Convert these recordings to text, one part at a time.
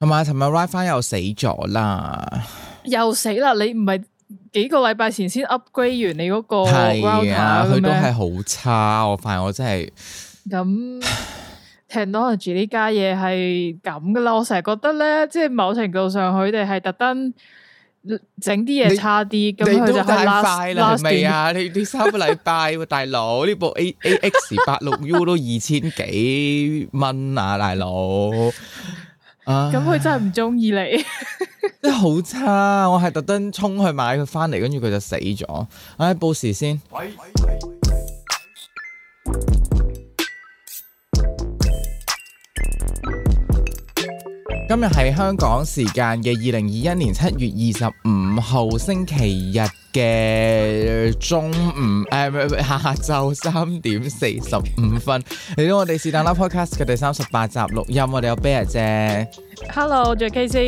同埋，尋日，WiFi 又死咗啦，又死啦！你唔係幾個禮拜前先 upgrade 完你嗰個係啊？佢都係好差，我發現我真係咁。Technology 呢家嘢係咁噶啦，我成日覺得咧，即係某程度上佢哋係特登整啲嘢差啲。咁佢就太快啦，係咪啊？你你三個禮拜，大佬呢部 AX86U 都二千幾蚊啊，大佬！咁佢、啊、真係唔中意你， 真係好差。 我係特登衝去買佢返嚟，跟住佢就死咗。唉、啊，報時先。今日係香港時間嘅二零二一年七月二十五號星期日嘅中午誒、哎、下晝三點四十五分嚟 到我哋是但啦 podcast 嘅第三十八集錄音，我哋有 Bear 姐？Hello，、哎、我叫 K C。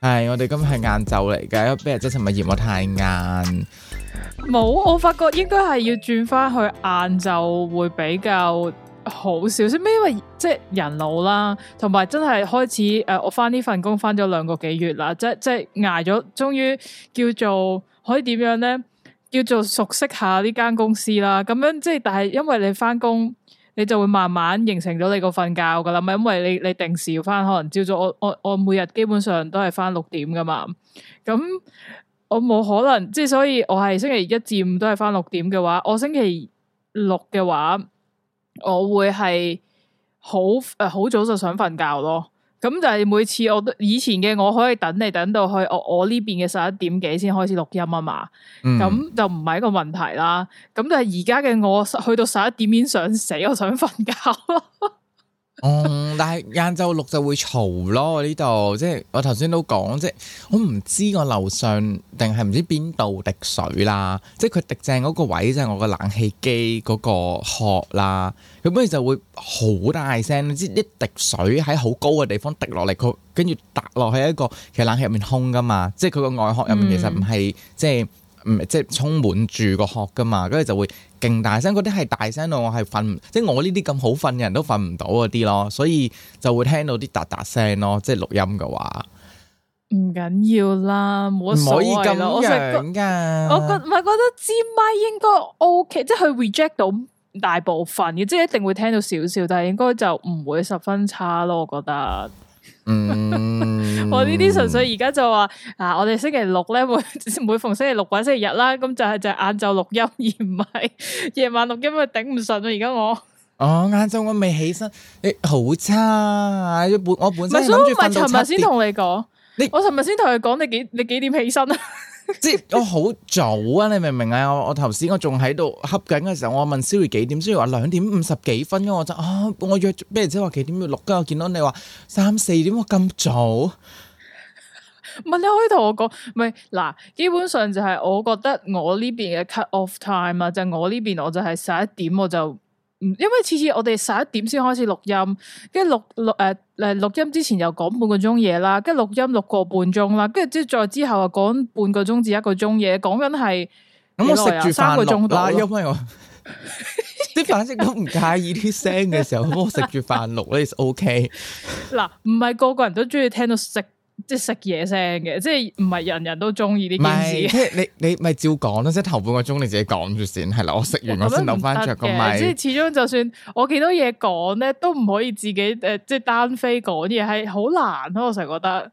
係我哋今日係晏晝嚟嘅，因為，Bear 姐即係咪業務太晏？冇，我發覺應該係要轉翻去晏晝會比較。好少咩？因為即係人老啦，同埋真係開始誒、呃，我翻呢份工翻咗兩個幾月啦，即即係捱咗，終於叫做可以點樣咧？叫做熟悉下呢間公司啦。咁樣即係，但係因為你翻工，你就會慢慢形成咗你個瞓覺噶啦，咪因為你你定時要翻，可能朝早我我我每日基本上都係翻六點噶嘛。咁我冇可能，即係所以我係星期一至五都係翻六點嘅話，我星期六嘅話。我會係好誒，好、呃、早就想瞓覺咯。咁就係每次我都以前嘅，我可以等你等到去我我呢邊嘅十一點幾先開始錄音啊嘛。咁、嗯、就唔係一個問題啦。咁就係而家嘅我去到十一點已經想死，我想瞓覺咯。 哦、 嗯，但係晏晝六就會嘈咯我呢度，即係我頭先都講，即係我唔知我樓上定係唔知邊度滴水啦，即係佢滴正嗰個位即係我個冷氣機嗰個殼啦，咁所以就會好大聲，即係一滴水喺好高嘅地方滴落嚟，佢跟住嗒落去一個其實冷氣入面空噶嘛，即係佢個外殼入面其實唔係、嗯、即係。唔即係充滿住個殼噶嘛，跟住就會勁大聲，嗰啲係大聲到我係瞓，即係我呢啲咁好瞓嘅人都瞓唔到嗰啲咯，所以就會聽到啲嗒嗒聲咯，即係錄音嘅話，唔緊要啦，唔可以咁樣噶。我覺係覺得支咪應該 OK，即係佢 reject 到大部分嘅，即係一定會聽到少少，但係應該就唔會十分差咯，我覺得。嗯， 我呢啲純粹而家就話，嗱、啊，我哋星期六咧每每逢星期六或者星期日啦，咁就係就晏晝錄音而唔係夜晚錄音，因為頂唔順啊！而家我，哦，晏晝我未起身，誒、欸，好差，本我本身諗住。咪尋日先同你講，你我尋日先同佢講，你幾你幾點起身啊？ 即係我好早啊！你明唔明啊？我我頭先我仲喺度恰緊嘅時候，我問 Siri 幾點，Siri 話兩點五十幾分咁，我就啊，我約咩即係話幾點要錄？咁我見到你話三四點，我咁早，問你可以同我講，唔係嗱，基本上就係我覺得我呢邊嘅 cut off time 啊，就係我呢邊我就係十一點我就。因為次次我哋十一點先開始錄音，跟住錄錄誒誒錄音之前又講半個鐘嘢啦，跟住錄音錄個半鐘啦，跟住再之後啊講半個鐘至一個鐘嘢，講緊係咁我食住三個鐘啦，因為我啲 反正都唔介意啲 聲嘅時候，咁我食住飯錄咧就 OK。嗱，唔係個個人都中意聽到食。即係食嘢聲嘅，即係唔係人人都中意呢件事是。 即係你你咪照講啦，即係頭半個鐘你自己講住先，係啦。我食完我先諗翻著個咪。即係始終就算我見到嘢講咧，都唔可以自己誒、呃，即係單飛講嘢係好難咯。我成日覺得。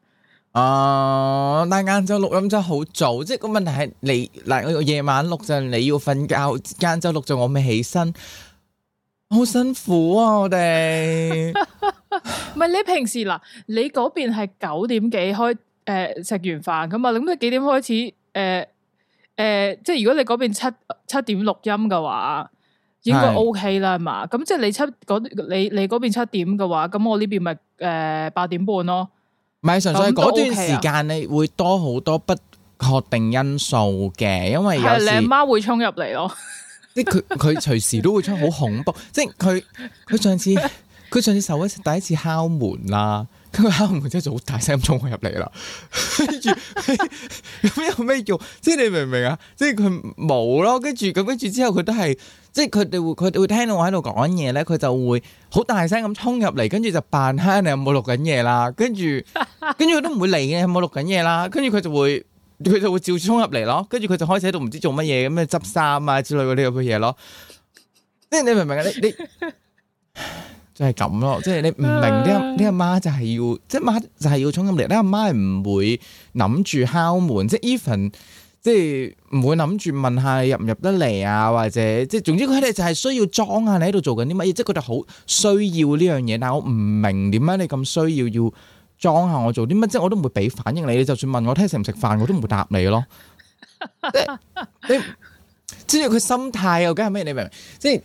哦、呃，但晏晝錄音真係好早，即係個問題係你嗱，我、呃、夜晚錄就你要瞓覺，晏晝錄就我未起身。好辛苦啊！我哋唔係你平時嗱，你嗰邊係九點幾開誒食、呃、完飯噶嘛？咁你幾點開始？誒、呃、誒、呃，即係如果你嗰邊七七點錄音嘅話，應該 OK 啦，係嘛係？咁即係你七嗰你你嗰邊七點嘅話，咁我呢邊咪誒八點半咯。唔係，純粹嗰段時間你會多好多不確定因素嘅，因為有時、啊、你阿媽會衝入嚟咯。即佢佢隨時都會出好恐怖，即係佢佢上次佢上次首一次第一次敲門啦，跟住敲門後 後後之後就好大聲咁衝佢入嚟啦，跟住咁有咩用？即係你明唔明啊？即係佢冇咯，跟住咁跟住之後佢都係即係佢哋會佢哋會聽到我喺度講嘢咧，佢就會好大聲咁衝入嚟，跟住就扮嚇你有冇錄緊嘢啦，跟住跟住佢都唔會理嘅有冇錄緊嘢啦，跟住佢就會。佢就會照衝入嚟咯，跟住佢就開始喺度唔知做乜嘢，咁樣執衫啊之類嗰啲咁嘅嘢咯。即係你明唔明啊？你你就係咁咯，即係你唔明呢。呢阿媽就係要，即係阿媽就係要衝入嚟。呢阿媽係唔會諗住敲門，即係 even 即係唔會諗住問下你入唔入得嚟啊，或者即係總之佢哋就係需要裝啊，你喺度做緊啲乜嘢？即係佢哋好需要呢樣嘢，但係我唔明點解你咁需要要。裝下我做啲乜，即係我都唔會俾反應你，你就算問我聽食唔食飯，我都唔會答你咯。即係佢心態又梗係咩？你明唔明？即係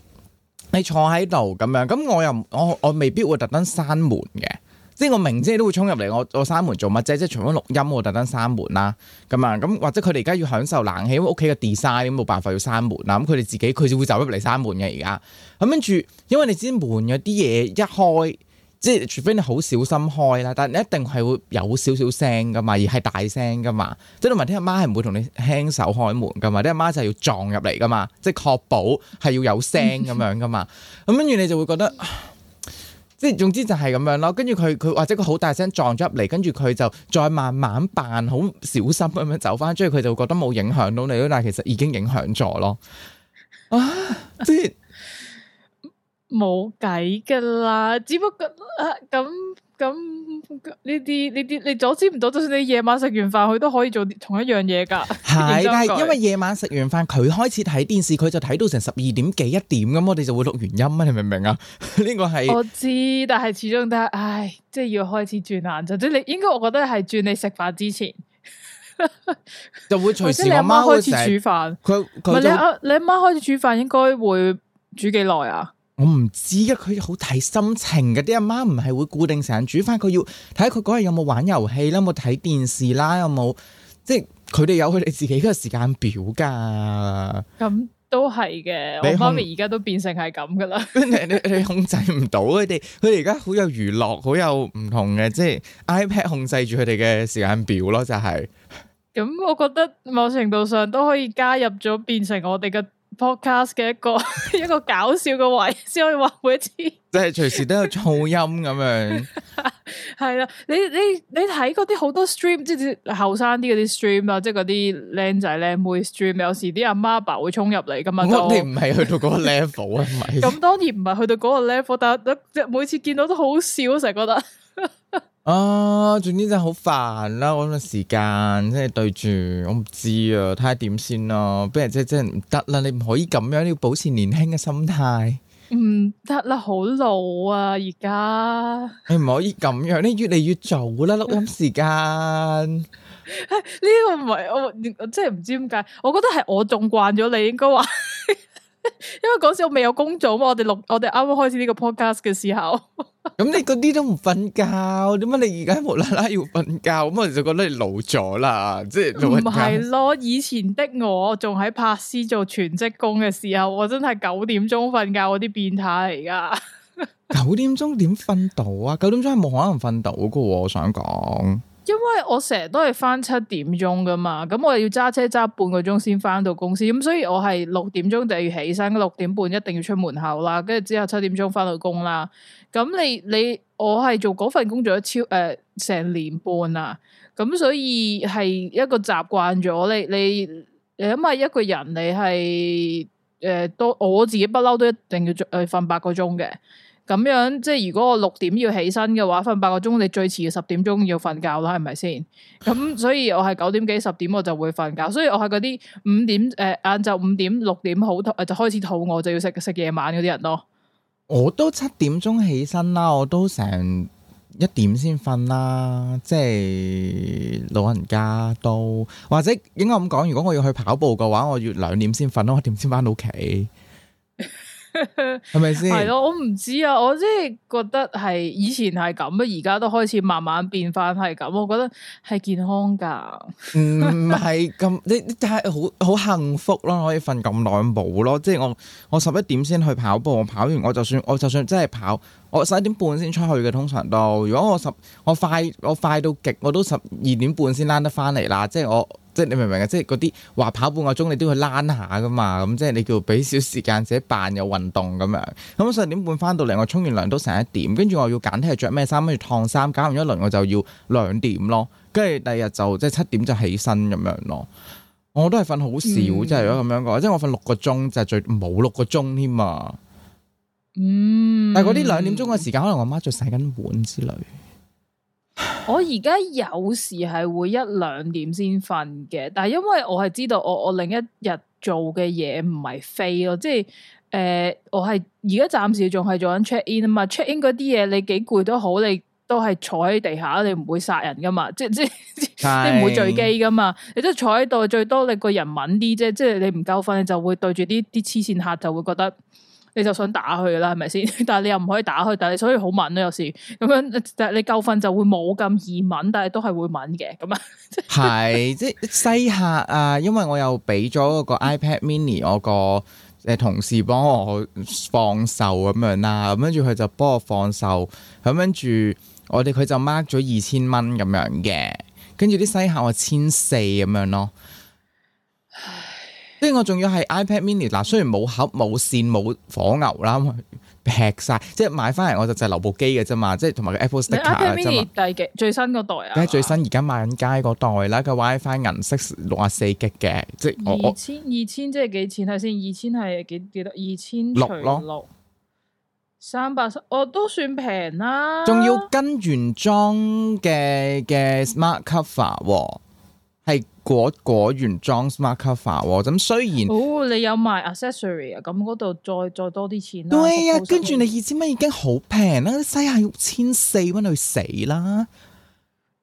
你坐喺度咁樣，咁我又我我未必會特登閂門嘅。即係我明知你都會衝入嚟，我我閂門做乜啫？即係除咗錄音，我特登閂門啦。咁啊，咁或者佢哋而家要享受冷氣，屋企嘅 design 冇辦法要閂門啦。咁佢哋自己佢就會走入嚟閂門嘅而家。咁跟住，因為你知門有啲嘢一開。即係除非你好小心開啦，但係你一定係會有少少聲噶嘛，而係大聲噶嘛。即係你問聽阿媽係唔會同你輕手開門噶嘛，啲阿媽就係要撞入嚟噶嘛，即係確保係要有聲咁樣噶嘛。咁跟住你就會覺得，即係總之就係咁樣咯。跟住佢佢或者佢好大聲撞咗入嚟，跟住佢就再慢慢扮好小心咁樣走返，跟住佢就會覺得冇影響到你咯。但係其實已經影響咗咯。啊，即 冇計噶啦，只不過啊咁咁呢啲呢啲你阻止唔到，就算你夜晚食完飯，佢都可以做同一樣嘢噶。係的，因為夜晚食完飯，佢開始睇電視，佢就睇到成十二點幾一點咁，我哋就會錄原音啊。你明唔明啊？呢個係，我知，但係始終都係唉，即係要開始轉眼。就即你應該我覺得係轉你食飯之前就會隨時。你阿媽開始煮飯，佢佢，你阿你阿媽開始煮飯，應該會煮幾耐啊？我唔知嘅，佢好睇心情嘅。啲阿媽唔係會固定成日煮返，佢要睇佢嗰日有冇玩遊戲啦，有冇睇電視啦，有冇，即係佢哋有佢哋自己嘅時間表噶。咁都係嘅，你控我媽咪而家都變成係咁噶啦。你你控制唔到佢哋，佢哋而家好有娛樂，好有唔同嘅，即係 iPad 控制住佢哋嘅時間表咯，就係。咁我覺得某程度上都可以加入咗，變成我哋嘅。podcast 嘅一個一個搞笑嘅位，先可以話每一次，即係隨時都有噪音咁樣，係啦。你你你睇嗰啲好多 stream，即係後生啲嗰啲 stream 啊，即係嗰啲靚仔靚妹 stream，有時啲阿媽阿爸會衝入嚟噶嘛。咁我我你唔係去到嗰個 level 啊 嗎，唔係。咁當然唔係去到嗰個 level，但係每次見到都好笑，成日覺得。 啊，總之真係好煩啦！我呢時間即係對住，我唔知啊，睇下點先咯，啊。不如即係真係唔得啦，你唔可以咁樣，你要保持年輕嘅心態。唔得啦，好老啊，而家你唔可以咁樣，你越嚟越早啦，錄 音時間。呢、哎這個唔係我，我即係唔知點解，我覺得係我仲慣咗你，應該話。 因為嗰時我未有工作嘛，我哋錄我哋啱啱開始呢個 podcast 嘅時候 ，咁你嗰啲都唔瞓覺，點解你而家無啦啦要瞓覺？咁我就覺得你老咗啦，即係唔係咯？以前的我仲喺柏斯做全職工嘅時候，我真係九點鐘瞓覺，我啲變態嚟噶。九點鐘點瞓到啊？九點鐘係冇可能瞓到噶啊，我想講。因為我成日都係翻七點鐘噶嘛，咁我又要揸車揸半個鐘先翻到公司，咁所以我係六點鐘就要起身，六點半一定要出門口啦，跟住之後七點鐘翻到工啦。咁你你我係做嗰份工作超誒成、呃、年半啦，咁所以係一個習慣咗。你你因為一個人你係誒、呃、多，我自己不嬲都一定要誒瞓八個鐘嘅。咁樣即係如果我六點要起身嘅話，瞓八個鐘，你最遲要十點鐘要瞓覺啦，係咪先？咁 所以我係九點幾十點我就會瞓覺，所以我係嗰啲五點誒晏晝五點六點好肚、呃、就開始肚餓，就要食食夜晚嗰啲人咯。我都七點鐘起身啦，我都成一點先瞓啦，即係老人家都或者應該咁講，如果我要去跑步嘅話，我要兩點先瞓咯，我點先翻到屋企。 係咪先？係咯 我唔知啊，我即係覺得係以前係咁，而家都開始慢慢變翻係咁。我覺得係健康噶，唔係咁，你真係好好幸福咯，可以瞓咁耐冇咯。即係我我十一點先去跑步，我跑完我就算我就算真係跑，我十一點半先出去嘅，通常都。如果我十我快我快到極，我都十二點半先攋得翻嚟啦。即係我。即係你明唔明啊？即係嗰啲話跑半個鐘，你都要去攣下噶嘛。咁即係你叫俾少時間自己扮有運動咁樣。咁十點半翻到嚟，我沖完涼都成一點，跟住我要揀聽日着咩衫，跟住燙衫，搞完一輪我就要兩點咯。跟住第二日就即係七點就起身咁樣咯。我都係瞓好少，嗯，即係如果咁樣講，即係我瞓六個鐘就最冇六個鐘添啊。嗯，但係嗰啲兩點鐘嘅時間，可能我媽就洗緊碗之類。 我而家有時係會一兩點先瞓嘅，但係因為我係知道我我另一日做嘅嘢唔係飛咯，即係誒我係而家暫時仲係做緊 check in 啊嘛，check in 嗰啲嘢你幾攰都好，你都係坐喺地下，你唔會殺人噶嘛，即係即係你唔會墜機噶嘛，你都坐喺度最多，就是，你個人穩啲啫，即係你唔夠瞓你就會對住啲啲黐綫客就會覺得。你就想打佢啦，係咪先？ 但係你又唔可以打佢，但係所以好敏啊，有時咁樣。但係你夠瞓就會冇咁易敏，但係都係會敏嘅。咁啊，係即係西客啊，因為我又俾咗嗰個 iPad Mini 我個誒同事幫我放售咁樣啦、啊，咁跟住佢就幫我放售，咁跟住我哋佢就 mark 咗二千蚊咁樣嘅，跟住啲西客我千四咁樣咯。即係我仲要係 iPad Mini 嗱，雖然冇盒冇線冇火牛啦，劈晒，即係買翻嚟我就就係留部機嘅啫嘛，即係同埋個 Apple Sticker 啊。iPad Mini 最新嗰代啊？梗係最新，而家賣緊街嗰代啦，個 WiFi 銀色六啊四 G 嘅，即係我我二千二千即係幾錢睇先？二千係幾幾多？二千除六六三百我都算平啦。仲要跟原裝嘅嘅 Smart Cover。係果果原裝 smart cover 喎、嗯，咁雖然好、哦，你有賣 accessory 啊，咁嗰度再再多啲錢啦、啊。對啊，跟住拠你二千蚊已經好平啦，西客要千四蚊去死啦。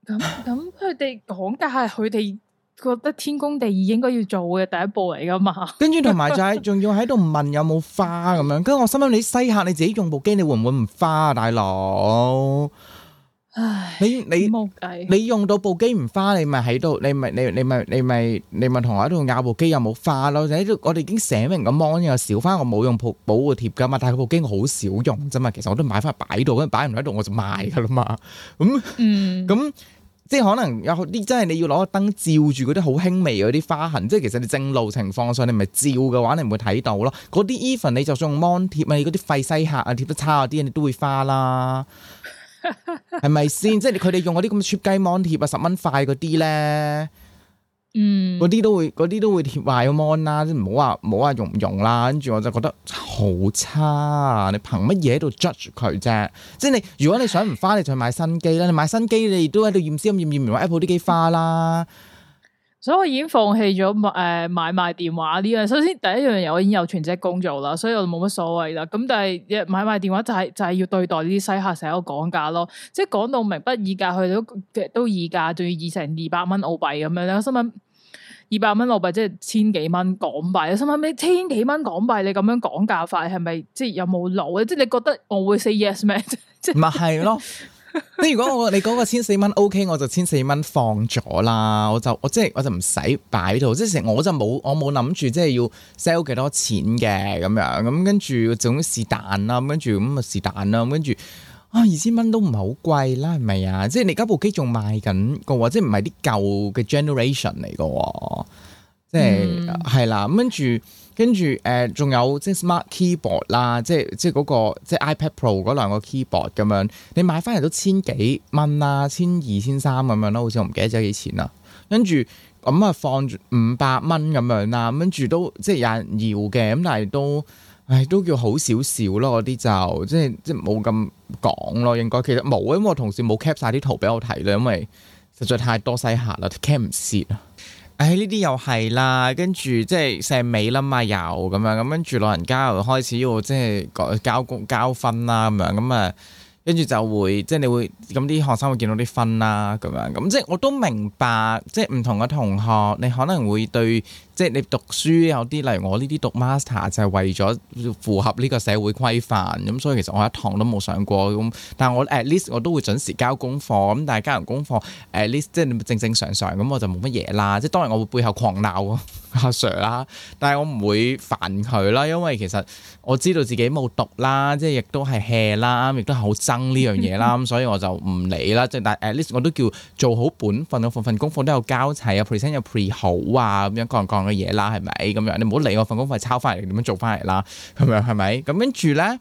咁咁佢哋講嘅係佢哋覺得天公地義應該要做嘅第一步嚟噶嘛？跟住同埋就係仲要喺度問有冇花咁樣，跟住 我心諗你西客你自己用部機，你會唔會唔花、啊、大佬？唉，你你冇計你用到部機唔花，你咪喺度，你咪你你咪你咪你咪同我喺度咬部機有冇花咯？我哋已經寫明個芒，有少花，我冇用保保護貼噶嘛，但係部機好少用啫嘛。其實我都買翻嚟擺度，咁擺唔喺度我就賣噶啦嘛。咁，咁、嗯、即係可能有啲，真係你要攞個燈照住嗰啲好輕微嗰啲花痕，即係其實你正路情況上，你咪照嘅話，你唔會睇到咯。嗰啲 even 你就算 mon 貼啊，嗰啲廢西客啊，貼得差啊啲，你都會花啦。係咪先？即係佢哋用嗰啲咁嘅 cheap 雞 mon 貼啊，十蚊塊嗰啲咧，嗯，嗰啲都會嗰啲都會貼壞個 mon 啦，即唔好話唔好話用唔用啦。跟住我就覺得好差啊！你憑乜嘢喺度 judge 佢啫？即係你如果你想唔花，你就去買新機啦。你買新機你都喺度驗先，驗驗完話 apple 啲機花啦。嗯嗯所以我已經放棄咗買誒、呃、買賣電話呢樣。首先第一樣嘢我已經有全職工作啦，所以我冇乜所謂啦。咁但係買賣電話就係、是、就係、是、要對待呢啲西客成日講價咯，即係講到明不議價，佢都都議價，仲要議成二百蚊澳幣咁樣咧。我心諗二百蚊澳幣即係千幾蚊港幣。我心諗咩？千幾蚊港幣你咁樣講價法係咪即係有冇腦咧？即係你覺得我會 say yes 咩？即係咪係咯？你 如果我你嗰個千四蚊 OK 我就千四蚊放咗啦，我就我即係我就唔使擺到，即係我就冇我冇諗住即係要 sell 幾多錢嘅咁樣，咁跟住總之是但啦，咁跟住咁啊是但啦，跟住啊二千蚊都唔係好貴啦，係咪啊？即係你而家部機仲賣緊個，即係唔係啲舊嘅 generation 嚟個。即係係啦，跟住跟住誒，仲、呃、有即係 smart keyboard 啦，即係即係、那、嗰個即係 iPad Pro 嗰兩個 keyboard 咁樣，你買翻嚟都千幾蚊啦，千二千三咁樣咯，好似我唔記得咗幾錢啦。跟住咁啊，放五百蚊咁樣啦，跟住都即係有人要嘅，咁但係都唉，都叫好少少咯，嗰啲就即係即係冇咁講咯，應該其實冇，因為我同事冇 cap 晒啲圖俾我睇啦，因為實在太多西客啦，cap 唔切啊。哎，呢啲又係啦，跟住即係成尾啦嘛，又咁樣，咁跟住老人家又開始要即係交交分啦、啊、咁樣，咁啊，跟住就會即係你會咁啲學生會見到啲分啦、啊，咁樣，咁即係我都明白，即係唔同嘅同學，你可能會對。即係你讀書有啲，例如我呢啲讀 master 就係為咗符合呢個社會規範，咁、嗯、所以其實我一堂都冇上過咁、嗯。但係我 at least 我都會準時交功課，咁、嗯、但係交完功課誒 least 即係正正常常咁、嗯，我就冇乜嘢啦。即係當然我會背後狂鬧阿、啊啊、Sir 啦，但係我唔會煩佢啦，因為其實我知道自己冇讀啦，即係亦都係 hea 啦，亦都係好憎呢樣嘢啦，咁 所以我就唔理啦。就但 at least 我都叫做好本分，份份份功課都有交齊啊 present 有 pre 好啊，咁樣講講。各人各人嘅嘢啦，係咪咁樣？你唔好理我份工費抄翻嚟，點樣做翻嚟啦？咁樣係咪？咁跟住咧，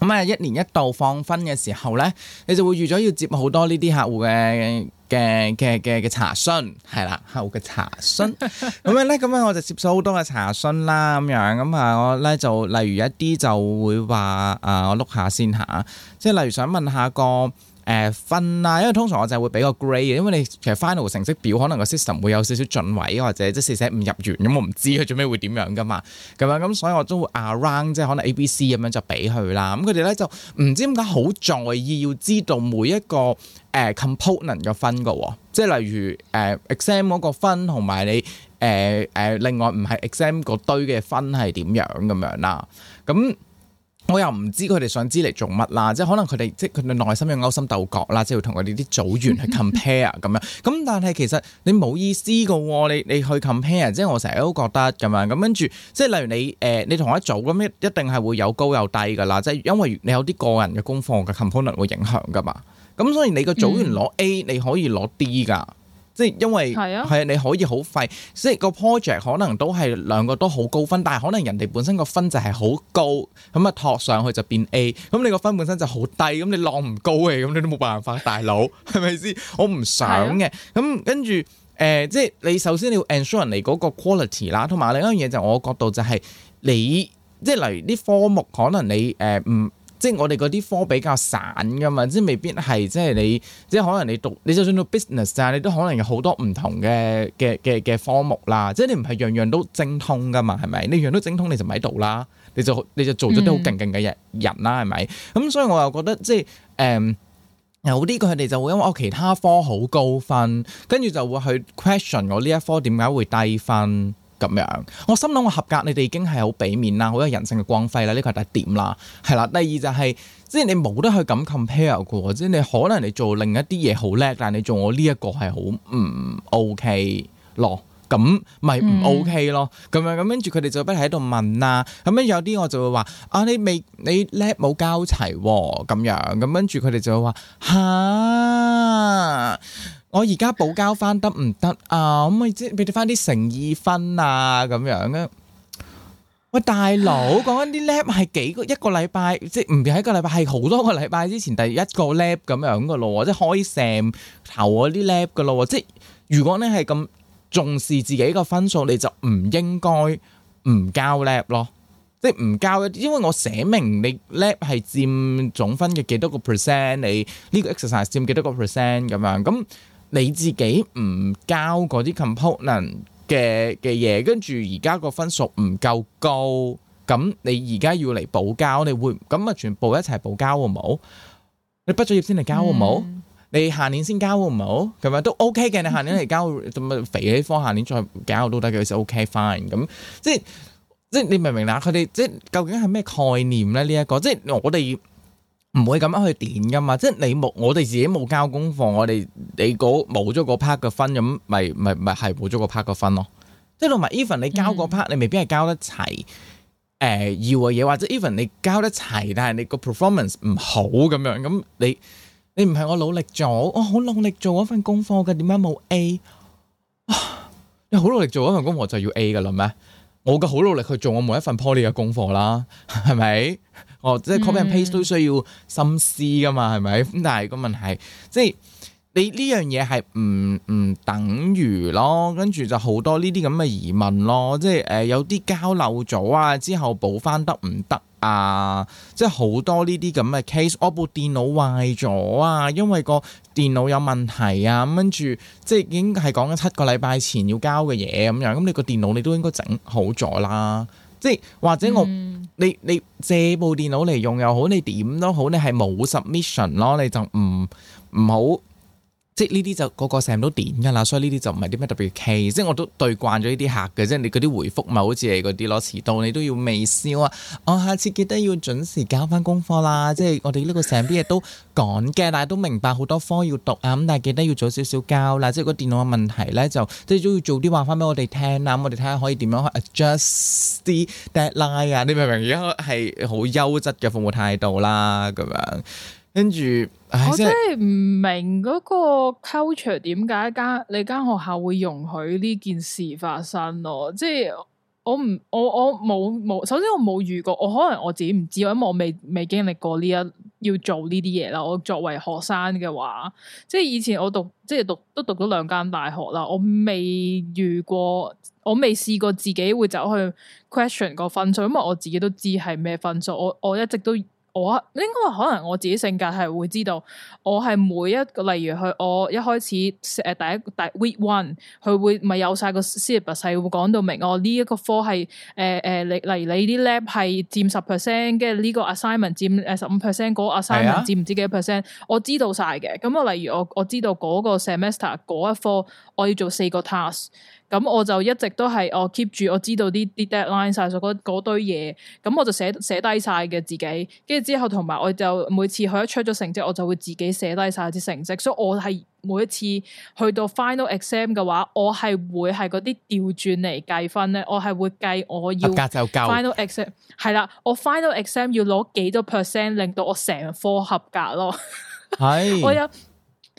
咁 啊，一年一度放分嘅時候咧，你就會預咗要接好多呢啲客戶嘅嘅嘅嘅嘅查詢，係啦，客戶嘅查詢。咁、 嗯、樣咧，咁樣我就接受好多嘅查詢啦。咁樣，咁啊，我咧就例如一啲就會話啊，我碌下先吓。即、啊、係例如想問下個。誒分啊，因為通常我就會俾個 grade 嘅，因為你其實 final 成績表可能個 system 會有少少進位或者即係四捨五入完咁，我唔知佢做咩會點樣㗎嘛，咁樣咁所以我都會 around 即係可能 A、B、C 咁樣就俾佢啦。咁佢哋咧就唔知點解好在意要知道每一個誒 component 嘅分㗎，即係例如誒 exam 嗰個分同埋你誒誒另外唔係 exam 嗰堆嘅分係點樣咁樣啦，咁。我又唔知佢哋想知嚟做乜啦，即係可能佢哋即係佢哋內心嘅勾心鬥角啦，即係要同佢哋啲組員去 compare 咁 樣，咁但係其實你冇意思噶，啊，你你去 compare，即係我成日都覺得咁樣，咁跟住即係例如你誒，呃、你同一組咁一一定係會有高有低噶啦，即係因為你有啲個人嘅功課嘅 component 會影響噶嘛。咁所以你個組員攞 A、嗯、你可以攞 D 噶。即係因為係啊，係啊，你可以好廢，即係個 project 可能都係兩個都好高分，但係可能人哋本身個分就係好高，咁啊托上去就變 A，咁你個分本身就好低，咁你攞唔高嘅，咁你都冇辦法， 大佬係咪先？我唔想嘅，咁跟住誒，即係你首先你要 ensure 人哋嗰個 quality 啦，同埋另一樣嘢就我角度就係你，即係例如啲科目可能你誒唔。呃即係我哋嗰啲科比較散㗎嘛，即係未必係即係你，即係可能你讀你就算讀 business 啊，你都可能有好多唔同嘅嘅嘅嘅科目啦。即係你唔係樣樣都精通㗎嘛，係咪？你樣樣都精通你就唔喺度啦，你就你就做咗啲好勁勁嘅人人啦，係咪？咁、嗯嗯、所以我又覺得即係誒、嗯、有啲佢哋就會因為我其他科好高分，跟住就會去 question 我呢一科點解會低分。咁樣，我心諗我合格，你哋已經係好俾面啦，好有人性嘅光輝啦，呢個係第一點啦。係啦，第二就係，即係你冇得去咁 compare 嘅，即係你可能你做另一啲嘢好叻，但係你做我呢一個係好唔 OK 咯，咁咪唔 OK 咯，咁樣，咁跟住佢哋就不停喺度問啊，咁樣，有啲我就會話啊，你未你叻冇交齊喎，咁樣，咁跟住佢哋就會話吓。啊我而家補交翻得唔得啊？可唔可以即係俾你翻啲誠意分啊？咁樣嘅？喂，大佬，講緊啲 lab 係幾個一個禮拜，即係唔係喺一個禮拜，係好多個禮拜之前第一個 lab 咁樣嘅咯，即係開成頭嗰啲 lab 嘅咯，即係如果你係咁重視自己個分數，你就唔應該唔交 lab 咯，即係唔交，因為我寫明你 lab 係佔總分嘅幾多個 percent，你呢個 exercise 佔幾多個 percent 咁樣咁。你自己唔交嗰啲 component 嘅嘅嘢，跟住而家個分數唔夠高，咁你而家要嚟補交，你會咁啊？全部一齊補交好唔好？你畢咗業先嚟交好唔好？嗯、你好、好 OK？你下年先交好唔好？係咪都 OK 嘅？你下年嚟交，咁啊、嗯、肥啲科下年再搞都得嘅，就 OK fine。咁即係即係你明唔明啦？佢哋即係究竟係咩概念咧？呢、這、一個即係我哋。唔會咁樣去點噶嘛，即係你冇，我哋自己冇交功課，我哋你冇咗嗰 part 嘅分，咁咪咪咪係冇咗嗰 part 嘅分咯。即係同埋 even 你交嗰 part，、嗯、你未必係交得齊誒要嘅嘢，或者 even 你交得齊，但係你個 performance 唔好咁樣，咁你你唔係我努力做，我好努力做一份功課嘅，點解冇 A？你好努力做一份功課就要 A 噶啦咩？我嘅好努力去做我每一份 poly 嘅功課啦，係咪？哦，即係 copy and paste 都需要心思噶嘛，係咪、嗯？但係個問題，即係你呢樣嘢係唔唔等於咯，跟住就好多呢啲咁嘅疑問咯。即係誒、呃，有啲交漏咗啊，之後補翻得唔得啊？即係好多呢啲咁嘅 case，我部電腦壞咗啊，因為個電腦有問題啊，跟住即係已經係講緊七個禮拜前要交嘅嘢咁樣，咁你個電腦你都應該整好咗啦。即係或者我、嗯、你你借部電腦嚟用又好，你點都好，你係冇 submission 咯，你就唔唔好。即呢啲就、個個成日都點㗎啦，所以呢啲就唔係啲咩特別奇，即係我都對慣咗呢啲客嘅，即係你嗰啲回覆咪好似係嗰啲咯，遲到你都要微笑啊，我下次記得要準時交翻功課啦，即係我哋呢個成日都講嘅，但係都明白好多科要讀啊，咁但係記得要早少少交啦，即係個電腦嘅問題咧就即係都要做啲話翻俾我哋聽啦，咁我哋睇下可以點樣 adjust 啲 deadline 啊，你明唔明？而家係好優質嘅服務態度啦，咁樣。跟住，you, 哎、我真係唔明嗰個 culture 點解間你間學校會容許呢件事發生咯？即係我唔我我冇冇，首先我冇遇過，我可能我自己唔知，因為我未未經歷過呢一要做呢啲嘢啦。我作為學生嘅話，即係以前我讀即係讀都讀咗兩間大學啦，我未遇過，我未試過自己會走去 question 個分數，因為我自己都知係咩分數，我我一直都。我應該可能我自己性格係會知道，我係每一個例如佢，我一開始誒第一第 week one 佢會咪有晒個 syllabus 係會講到明，我呢一個科係誒誒例例如你啲 lab 係佔十 percent，跟住呢個 assignment 佔誒十五 percent，嗰個 assignment 佔唔知幾多 percent， 我知道晒嘅。咁、嗯、我例如我我知道嗰個 semester 嗰一科我要做四個 task。咁我就一直都係我 keep 住我知道啲啲 deadline 晒所嗰堆嘢，咁我就寫寫低晒嘅自己，跟住之後同埋我就每次佢一出咗成績，我就會自己寫低晒啲成績，所以我係每一次去到 final exam 嘅話，我係會係嗰啲調轉嚟計分咧，我係會計我要合格就夠 final exam 係啦，我 final exam 要攞幾多 percent 令到我成科合格咯，係 是，我有。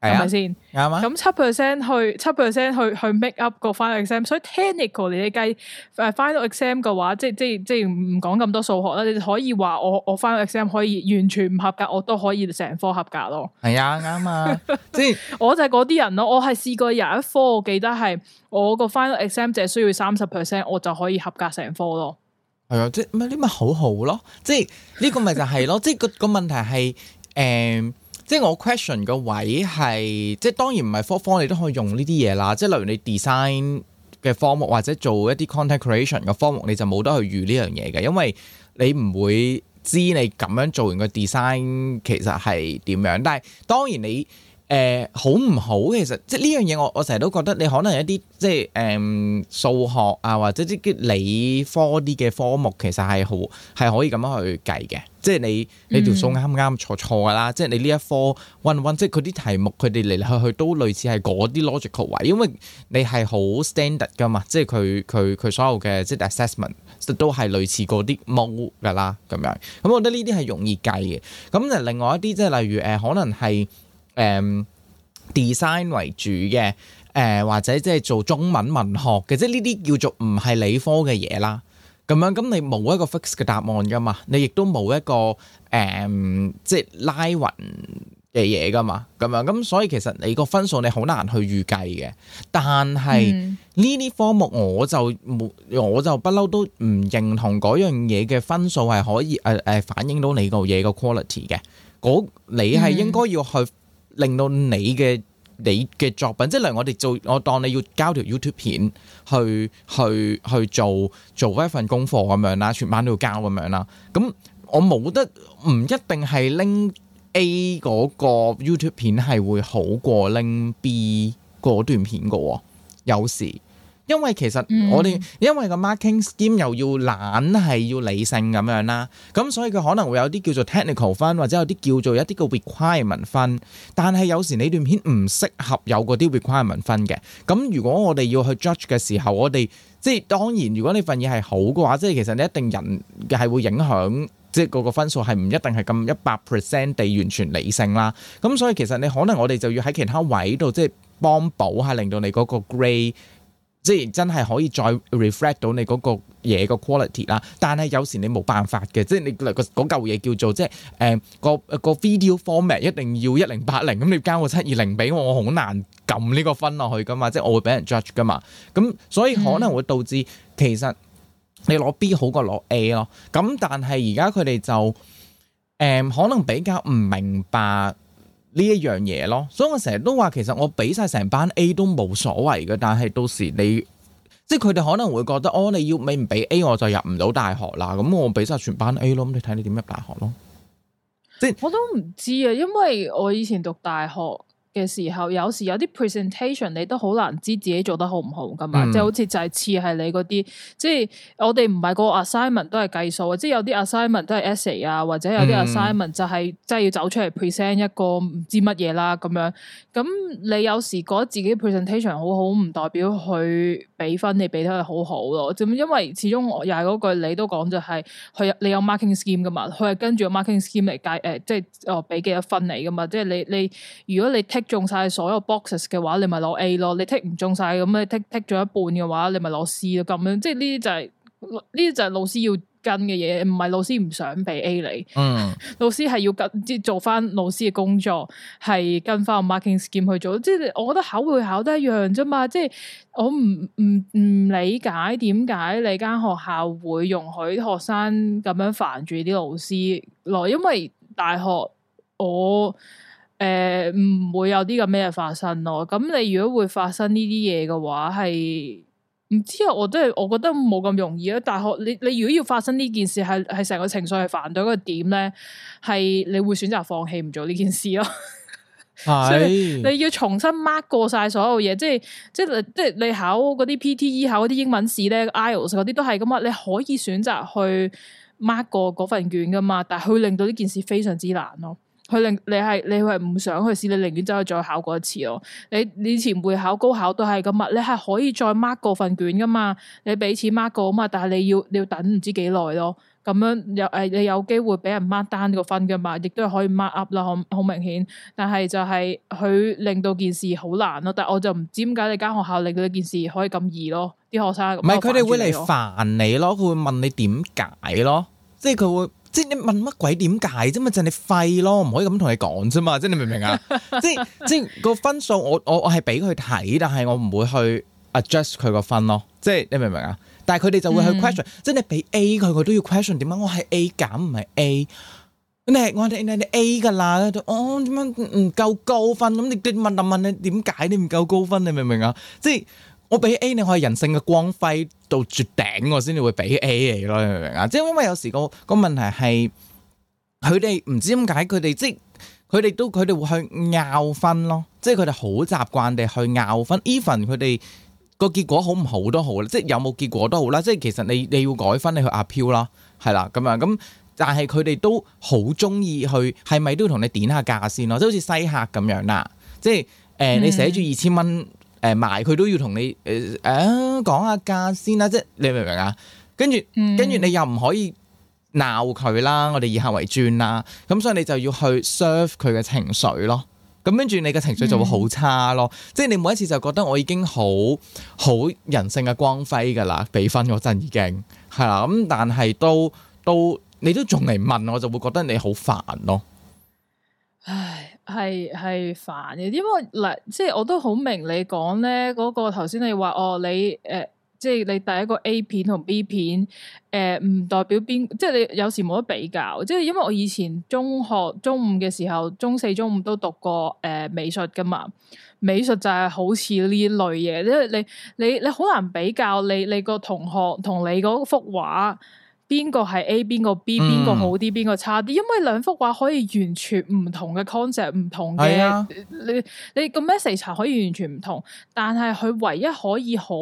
係咪先？啱啊！咁七 percent 去，七 percent 去去 make up 個 final exam。所以 technical 你啲計、呃、final exam 嘅話，即係即係即係唔講咁多數學啦。你可以話我我 final exam 可以完全唔合格，我都可以成科合格咯。係啊，啱啊！即係 我就係嗰啲人咯。我係試過有一科，我記得係我個 final exam 淨係需要三十 percent，我就可以合格成科咯。係啊，即係咩？呢咪好好咯！即係呢、這個咪就係咯。 即係個、這個問題係誒。呃即係我 question 個位係，即係當然唔係 form form 你都可以用呢啲嘢啦。即係例如你 design 嘅科目或者做一啲 content creation 嘅科目，你就冇得去預呢樣嘢嘅，因為你唔會知你咁樣做完個 design 其實係點樣，但係當然你。誒、呃、好唔好？其實即係呢樣嘢，我我成日都覺得你可能一啲即係誒、呃、數學啊，或者啲理科啲嘅科目，其實係好係可以咁樣去計嘅。即係你你條數啱唔啱錯錯㗎啦。即係你呢一科溫溫，即係佢啲題目，佢哋嚟嚟去去都類似係嗰啲 logical 位，因為你係好 standard 噶嘛。即係佢佢佢所有嘅即係 assessment，都係類似嗰啲 mode 㗎啦咁樣。咁、嗯、我覺得呢啲係容易計嘅。咁另外一啲即係例如誒、呃，可能係。誒、um,，design 為主嘅，誒、uh, 或者即係做中文文學嘅，即係呢啲叫做唔係理科嘅嘢啦。咁樣咁你冇一個 fixed 嘅答案噶嘛，你亦都冇一個誒，um, 即係拉匀嘅嘢噶嘛。咁樣咁所以其實你個分數你好難去預計嘅。但係呢啲科目我就冇，我就不嬲都唔認同嗰樣嘢嘅分數係可以誒誒、呃呃、反映到你個嘢個 quality 嘅。嗰你係應該要去。嗯令到你嘅你嘅作品，即係例如我哋做，我當你要交條 YouTube 片去去去做做一份功課咁樣啦，全班都要交咁樣啦。咁我冇得唔一定係拎 A 嗰個 YouTube 片係會好過拎 B 嗰段片噶喎，有時。因為其實我哋、嗯、因為個 marking scheme 又要懶係要理性咁樣啦，咁所以佢可能會有啲叫做 technical 分，或者有啲叫做一啲個 requirement 分。但係有時你段片唔適合有嗰啲 requirement 分嘅咁。如果我哋要去 judge 嘅時候，我哋即係當然，如果你份嘢係好嘅話，即係其實你一定人係會影響即係嗰個分數係唔一定係咁一百 percent 地完全理性啦。咁所以其實你可能我哋就要喺其他位度即係幫補下，令到你嗰個 grade，即係真係可以再 reflect 到你嗰個嘢個 quality 啦，但係有時你冇辦法嘅，即係你嗰嚿嘢叫做即係誒、呃嗰個、嗰個 video format 一定要一零八零，咁你交個七二零俾我，我好難撳呢個分落去噶嘛，即係我會俾人 judge 噶嘛，咁所以可能會導致、嗯、其實你攞 B 好過攞 A 咯，咁但係而家佢哋就誒、呃、可能比較唔明白。呢一樣嘢咯，所以我成日都話其實我俾晒成班 A 都冇所謂嘅，但係到時你即係佢哋可能會覺得，哦，你要你唔俾 A 我就入唔到大學啦，咁、嗯、我俾晒全班 A 咯，咁你睇你點入大學咯。即我都唔知啊，因為我以前讀大學嘅時候，有時有啲 presentation 你都好難知自己做得好唔好噶嘛，嗯、即係好似就係似係你嗰啲，即係我哋唔係個 assignment 都係計數，即係有啲 assignment 都係 essay 啊，或者有啲 assignment 就係即係要走出嚟 present 一個唔知乜嘢啦咁樣。咁你有時覺得自己 presentation 好好，唔代表佢俾分你俾得好好咯，因為始終我又係嗰句，你都講就係佢你有 marking scheme 噶嘛，佢係跟住個 marking scheme 嚟計誒，即係哦俾幾多分你噶嘛，即係你你如果你 take 中晒所有 boxes 嘅話，你咪攞 A 咯。你剔唔中晒咁，你剔 a 咗一半嘅話，你咪攞 C 咯。咁樣即係呢啲就係呢啲就係老師要跟嘅嘢，唔係老師唔想俾 A 你。嗯，老師係要即係做翻老師嘅工作，係跟翻 marking scheme 去做。即係我覺得考會考得一樣啫嘛。即係我唔唔唔理解點解你間學校會容許學生咁樣煩住啲老師咯？因為大學我。誒，唔、呃、會有啲咁咩嘢發生咯。咁你如果會發生呢啲嘢嘅話，係唔知啊。我即係我覺得冇咁容易咯。大學你你如果要發生呢件事，係係成個情緒係反對嗰、那個點咧，係你會選擇放棄唔做呢件事咯。是 所以你要重新 mark 過晒所有嘢，即係即係即係你考嗰啲 PTE 考嗰啲英文試咧 IELTS 嗰啲都係咁啊。你可以選擇去 mark 過嗰份卷噶嘛，但係佢令到呢件事非常之難咯。佢令你係你係唔想去試，你寧願走去再考過一次咯。你你以前會考高考都係咁啊，你係可以再 mark 過份卷噶嘛，你俾錢 mark 過啊嘛，但係你要你要等唔知幾耐咯。咁樣有誒，你有機會俾人 mark down 個分噶嘛，亦都係可以 mark up 啦，好好明顯。但係就係佢令到件事好難咯。但係我就唔知點解你間學校令到件事可以咁易咯，啲學生唔係佢哋會嚟煩你咯，佢會，會問你點解咯，即係佢會。即係你問乜鬼點解啫嘛，就係你廢咯，唔可以咁同你講啫嘛，即係你明唔明啊？即係即係個分數，我我我係俾佢睇，但係我唔會去 adjust 佢個分咯。即係你明唔明啊？但係佢哋就會去 question，嗯、即係你俾 A 佢，佢都要 question 點解我係 A 減唔係 A？我你我哋你哋 A 噶啦，哦，點樣唔夠高分咁？你問就問你點解你唔夠高分？你明唔明啊？即係。我俾 A，你可以人性嘅光輝到絕頂，我先至會俾 A 你咯，你明唔明啊？即係因為有時個個問題係，佢哋唔知點解，佢哋即係佢哋都佢哋會去拗分咯，即係佢哋好習慣地去拗分。even 佢哋個結果好唔好都好，即係有冇結果都好啦。即係其實你你要改分，你去阿飄啦，係啦咁樣咁。但係佢哋都好中意去，係咪都要同你點下價先咯？即係好似西客咁樣啦，即係誒、呃，你寫住二千蚊。嗯埋佢都要同你誒誒講下價先啦，即係你明唔明啊？跟住，嗯、跟住你又唔可以鬧佢啦，我哋以客為尊啦，咁所以你就要去 serve 佢嘅情緒咯。咁跟住你嘅情緒就會好差咯，嗯、即係你每一次就覺得我已經好好人性嘅光輝噶啦，比分嗰陣已經係啦，咁但係都都你都仲嚟問我，就會覺得你好煩咯。唉。係係煩嘅，因為嗱，即係我都好明你講咧，嗰、那個頭先你話哦，你誒、呃，即係你第一個 A 片同 B 片，誒、呃，唔代表邊，即係你有時冇得比較，即係因為我以前中學、中五嘅時候、中四、中五都讀過誒、呃、美術㗎嘛，美術就係好似呢類嘢，因為你你你好難比較你你個同學同你嗰幅畫。邊個係 A，邊個 B，邊個好啲，邊個差啲？因為兩幅畫可以完全唔同嘅 concept，唔同嘅的你你個 message 可以完全唔同，但係佢唯一可以好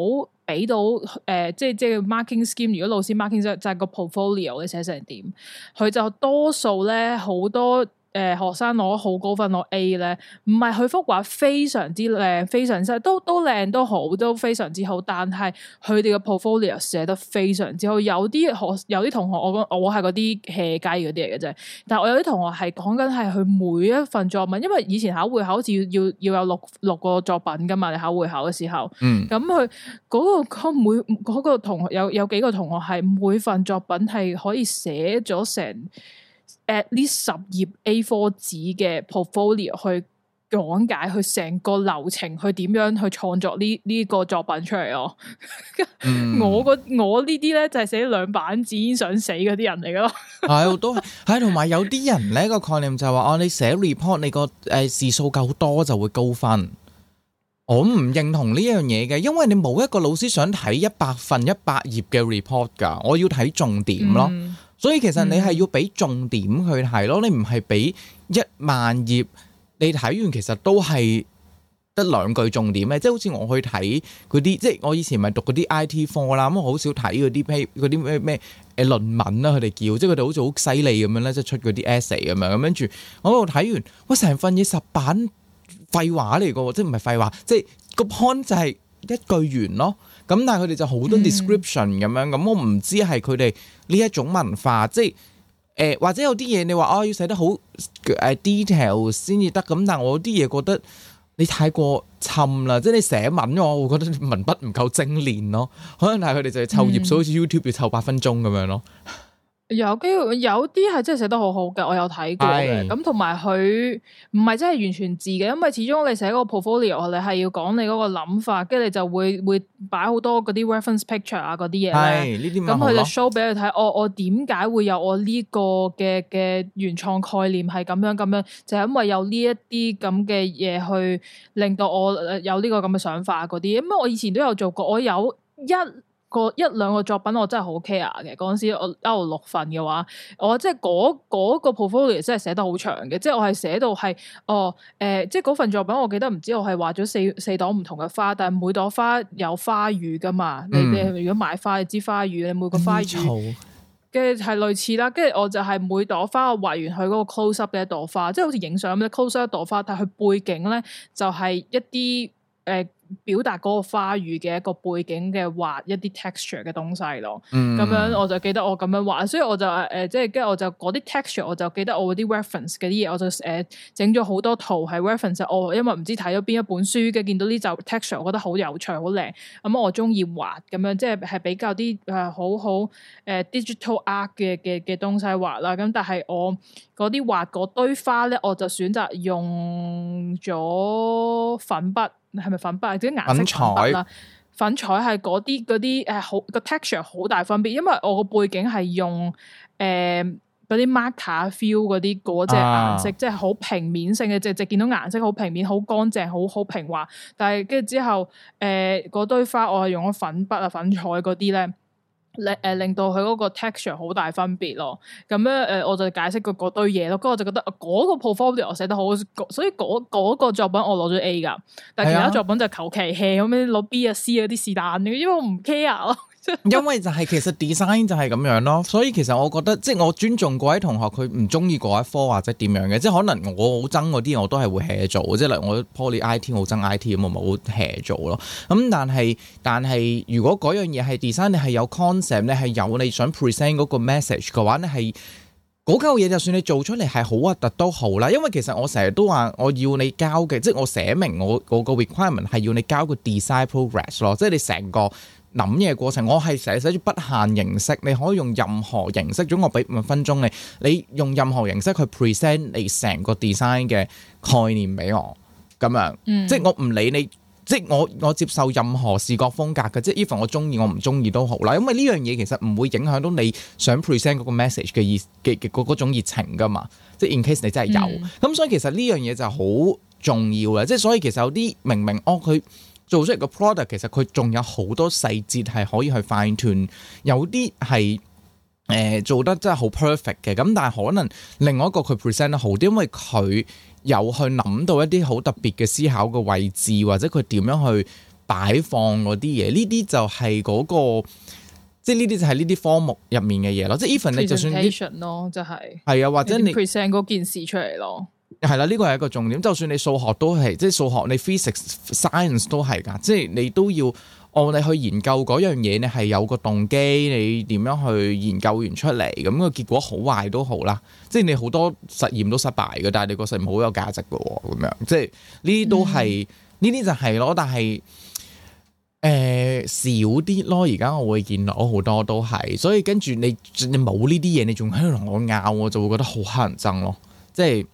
俾到誒、呃，即係即係 marking scheme。如果老師 marking 就就係個 portfolio，你寫成點，佢就多數咧好多。誒學生攞好高分攞 A 咧，唔係佢幅畫非常之靚，非常之都都靚都好，都非常之好。但係佢哋嘅 portfolio 寫得非常之好。有啲學有啲同學，我我係嗰啲吃雞嗰啲嚟嘅啫。但係我有啲同學係講緊係佢每一份作品，因為以前考會考好似要要要有六六個作品噶嘛，你考會考嘅時候，嗯，嗯，咁佢嗰個每嗰、嗰個、同學有有幾個同學係每份作品係可以寫咗成 at 呢十頁 A4 紙嘅 portfolio 去講解去成個流程，去點樣去創作呢呢，這個作品出嚟咯，嗯 我個我呢啲咧就係寫兩版紙想死嗰啲人嚟噶咯。係，都係。係同埋有啲人咧個概念就係、是、話哦，你寫 report 你個誒字數夠多就會高分。我唔認同呢樣嘢嘅，因為你冇一個老師想睇一百份、一百頁嘅 report 噶，我要睇重點咯。嗯所以其實你係要俾重點去睇咯，嗯、你唔係俾一萬頁，你睇完其實都係得兩句重點咧。即係好似我去睇嗰啲，即係我以前咪讀嗰啲 I T 課啦，咁我好少睇嗰啲啲咩咩誒論文啦，佢哋叫，即係佢哋好似好犀利咁樣咧，即係出嗰啲 essay 咁樣，咁跟住我喺度睇完，我成份嘢十版廢話嚟噶喎，即係唔係廢話，即係個 point 就係一句完咯。咁但係佢哋就好多 description 咁、嗯、樣，咁我唔知係佢哋呢一種文化，即係誒、呃、或者有啲嘢你話哦要寫得好誒 detail 先至得，咁但我啲嘢覺得你太過沉啦，即係你寫文我會覺得文筆唔夠精練咯。可能係佢哋就係湊頁數，好似 YouTube 要湊八、嗯、分鐘咁樣咯。有啲有啲係真係寫得好好嘅，我有睇過嘅。咁同埋佢唔係真係完全字嘅，因為始終你寫個 portfolio，你係要講你嗰個諗法，跟住你就會會擺好多嗰啲 reference picture 啊嗰啲嘢咧。咁佢、嗯、就 show 俾佢睇，我我點解會有我呢個嘅嘅原創概念係咁樣咁樣，就係、是、因為有呢一啲咁嘅嘢去令到我有呢個咁嘅想法嗰啲。因為我以前都有做過，我有一。個一兩個作品我真係好 care 嘅，嗰陣時我一路錄份嘅話，我即係嗰嗰個 portfolio、那個、真係寫得好長嘅，即係我係寫到係，哦，誒、呃，即係嗰份作品我記得唔知我係畫咗四四朵唔同嘅花，但係每朵花有花語㗎嘛？嗯、你哋如果買花，你知花語，你每個花語嘅係類似啦，跟住我就係每朵花我畫完佢嗰個 close up 嘅一朵花，即係好似影相咁樣 close up 一朵花，但係佢背景咧就係、是、一啲誒。呃表達嗰個花語嘅一個背景嘅畫一啲 texture 嘅東西咯，咁、嗯、樣我就記得我咁樣畫，所以我就誒誒，即係跟住我就嗰啲 texture，我就記得我啲 reference 嘅啲嘢，我就誒整咗好多圖係 reference、哦。我因為唔知睇咗邊一本書嘅，見到呢就 texture，我覺得好有趣，好靚。咁、嗯、我中意畫咁樣，即係係比較啲誒、呃、好好誒、呃、digital art 嘅嘅嘅東西畫啦。咁但係我嗰啲畫嗰堆花咧，我就選擇用咗粉筆。係咪粉筆啊？啲顏色粉彩啦，粉彩係嗰啲嗰啲誒好個 texture 好大分別，因為我個背景係用誒嗰、呃、啲 marker feel 嗰啲嗰隻顏色，啊、即係好平面性嘅，直直見到顏色好平面，好乾淨，好好平滑。但係跟住之後誒嗰、呃、堆花，我係用咗粉筆啊粉彩嗰啲咧。令令到佢嗰個 texture 好大分別咯，咁咧誒我就解釋過嗰堆嘢咯，跟住我就覺得嗰個 performance 我寫得好，所以嗰個作品我攞咗 A 噶，但係其他作品就求其 hea，咁樣攞 B 啊 C 啊啲是但，因為我唔 care 咯。 因為就係、是、其實 design 就係咁樣咯，所以其實我覺得即係我尊重嗰位同學佢唔中意嗰一科或者點樣嘅，即係可能我好憎嗰啲我都係會 hea 做，即係例如我 Poly IT 我憎 IT 咁我冇 hea 做咯。咁但係但係如果嗰樣嘢係 design 你係有 concept 你係有你想 present 嗰個 message 嘅話咧係嗰嚿嘢就算你做出嚟係好核突都好啦，因為其實我成日都話我要你交嘅，即係我寫明我我個 requirement 係要你交個 design progress 咯，即係你成個。諗嘢過程，我係寫寫住不限形式，你可以用任何形式。如果我俾五分鐘你，你用任何形式去 present 你成個 design 嘅概念俾我，咁樣，嗯、即係我唔理你，即係我我接受任何視覺風格嘅，即係 even 我中意我唔中意都好啦，因為呢樣嘢其實唔會影響到你想 present 嗰個 message 嘅熱嘅嘅嗰種熱情噶嘛。即係 in case 你真係有，咁、嗯、所以其實呢樣嘢就好重要嘅。即係所以其實有啲明明哦，佢。做出嚟個 product 其實佢仲有好多細節係可以去 fine-tune，有啲係誒做得真係好 perfect 嘅。咁但係可能另外一個佢 present 得好啲，因為佢有去諗到一啲好特別嘅思考嘅位置，或者佢點樣去擺放嗰啲嘢。呢啲就係嗰個，即係呢啲就係呢啲科目入面嘅嘢咯。即係 even 咧，就算咯，presentation 咯，就係，係啊，或者你 present 嗰件事出嚟咯。係啦，呢個係一個重點。就算你數學都係，即係數學你 Physics Science 都係噶，即係你都要按、哦、你去研究嗰樣嘢你係有個動機，你點樣去研究完出嚟，咁個結果好壞都好啦。即係你好多實驗都失敗嘅，但係你個實驗好有價值嘅，咁樣即係呢啲都係呢啲就係、是呃、咯。但係誒少啲咯。而家我會見到好多都係，所以跟住你你冇呢啲嘢，你仲喺度同我拗，我就會覺得好乞人憎咯。即係。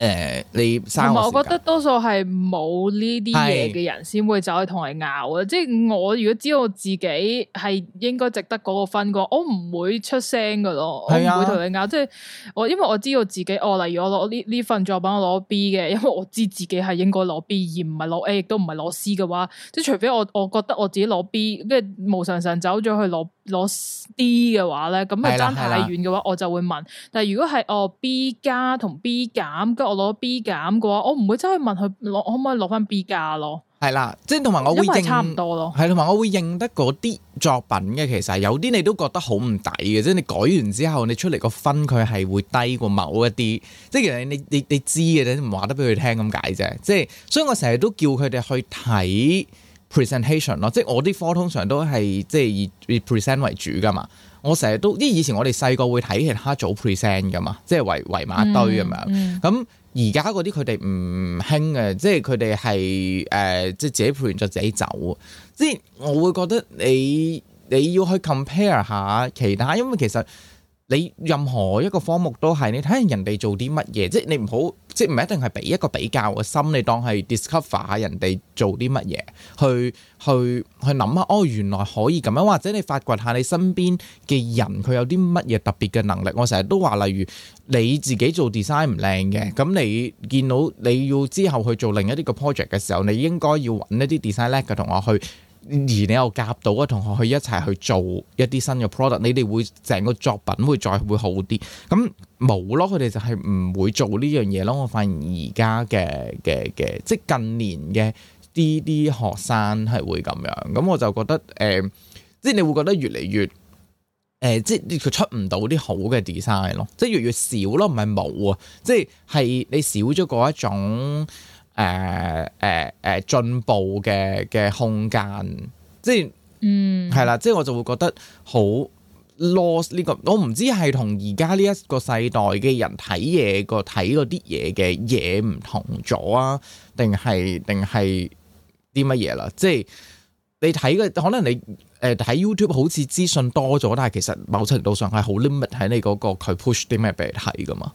誒、呃，你三我，我覺得多數係冇呢啲嘢嘅人先會走去同佢拗啊！是的 即係我如果知道自己係應該值得嗰個分嘅話，我唔會出聲嘅咯，我唔會同佢拗。是的 即係我因為我知道自己，哦，例如我攞呢呢份作品我攞 B 嘅，因為我知自己係應該攞 B 而唔係攞 A，亦都唔係攞 C 嘅話，即係除非我我覺得我自己攞 B，即係無神神走咗去攞。攞 D 嘅話咧，咁啊爭太遠嘅話，我就會問。的但係如果係哦 B 加同 B 減，跟住我攞 B 減嘅話，我唔會真係問佢攞，可唔可以攞翻 B 加咯？係啦，即係同埋我會認差唔多咯。係同埋我會認得嗰啲作品嘅。其實有啲你都覺得好唔抵嘅，即係你改完之後，你出嚟個分佢係會低過某一啲。即係其實你你你知嘅你唔話得俾佢聽咁解啫。即係所以我成日都叫佢哋去睇。presentation 咯，即係我啲科通常都係即係以 present 為主㗎嘛。我成日都，因為以前我哋細個會睇其他組 present 㗎嘛，即係圍圍埋一堆咁樣。咁而家嗰啲佢哋唔興嘅，即係佢哋係誒即係自己配完就自己走。即係我會覺得你你要去 compare 下其他，因為其實。你任何一個科目都係，你睇下人哋做啲乜嘢，即係你唔好，即係唔一定係俾一個比較嘅心，你當係 discover 下人哋做啲乜嘢，去去去諗下，哦，原來可以咁樣，或者你發掘下你身邊嘅人，佢有啲乜嘢特別嘅能力。我成日都話，例如你自己做 design 唔靚嘅，咁你見到你要之後去做另一啲個 project 嘅時候，你應該要揾一啲 design 叻嘅同學去。而你又夾到嘅同學去一齊去做一啲新嘅 product，你哋會整個作品會再會好啲。咁冇咯，佢哋就係唔會做呢樣嘢咯。我發現而家嘅嘅嘅，即係近年嘅啲啲學生係會咁樣。咁我就覺得誒、呃，即係你會覺得越嚟越誒、呃，即係佢出唔到啲好嘅 design 咯。即係越越少咯，唔係冇啊。即係係你少咗嗰一種。誒誒誒進步嘅嘅空間，即係嗯係啦，即係我就會覺得好 loss 呢，呢個，我唔知係同而家呢一個世代嘅人睇嘢個睇嗰啲嘢嘅嘢唔同咗啊，定係定係啲乜嘢啦？即係你睇嘅可能你誒睇，呃、YouTube 好似資訊多咗，但係其實某程度上係好 limit 喺你嗰個佢 push 啲咩俾你睇噶嘛？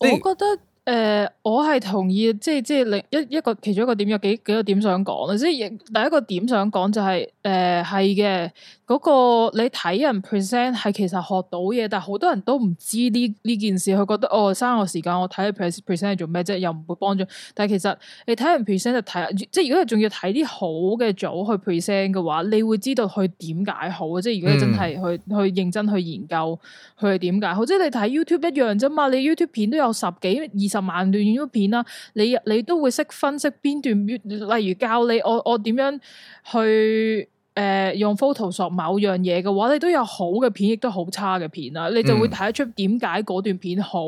我覺得。誒、呃，我係同意，即係即係另一一個其中一個點，有幾幾個點想講啊！即係第一個點想講就係誒係嘅個你睇人 present 係其實學到嘢，但係好多人都唔知呢呢件事，佢覺得哦嘥個時間，我睇你 present present 做咩啫？又唔會幫助。但係其實你睇人 present 就睇，即係如果你仲要睇啲好嘅組去 present 嘅話，你會知道佢點解好，即係如果你真係去、嗯、去認真去研究佢點解好，即係你睇 YouTube 一樣啫嘛！你 YouTube 片都有十幾二。十萬段影片啦，你你都會識分析邊段？例如教你我我點樣去。誒、呃、用 Photoshop 某樣嘢嘅話，你都有好嘅片，亦都好差嘅片啦。你就會睇得出點解嗰段片好，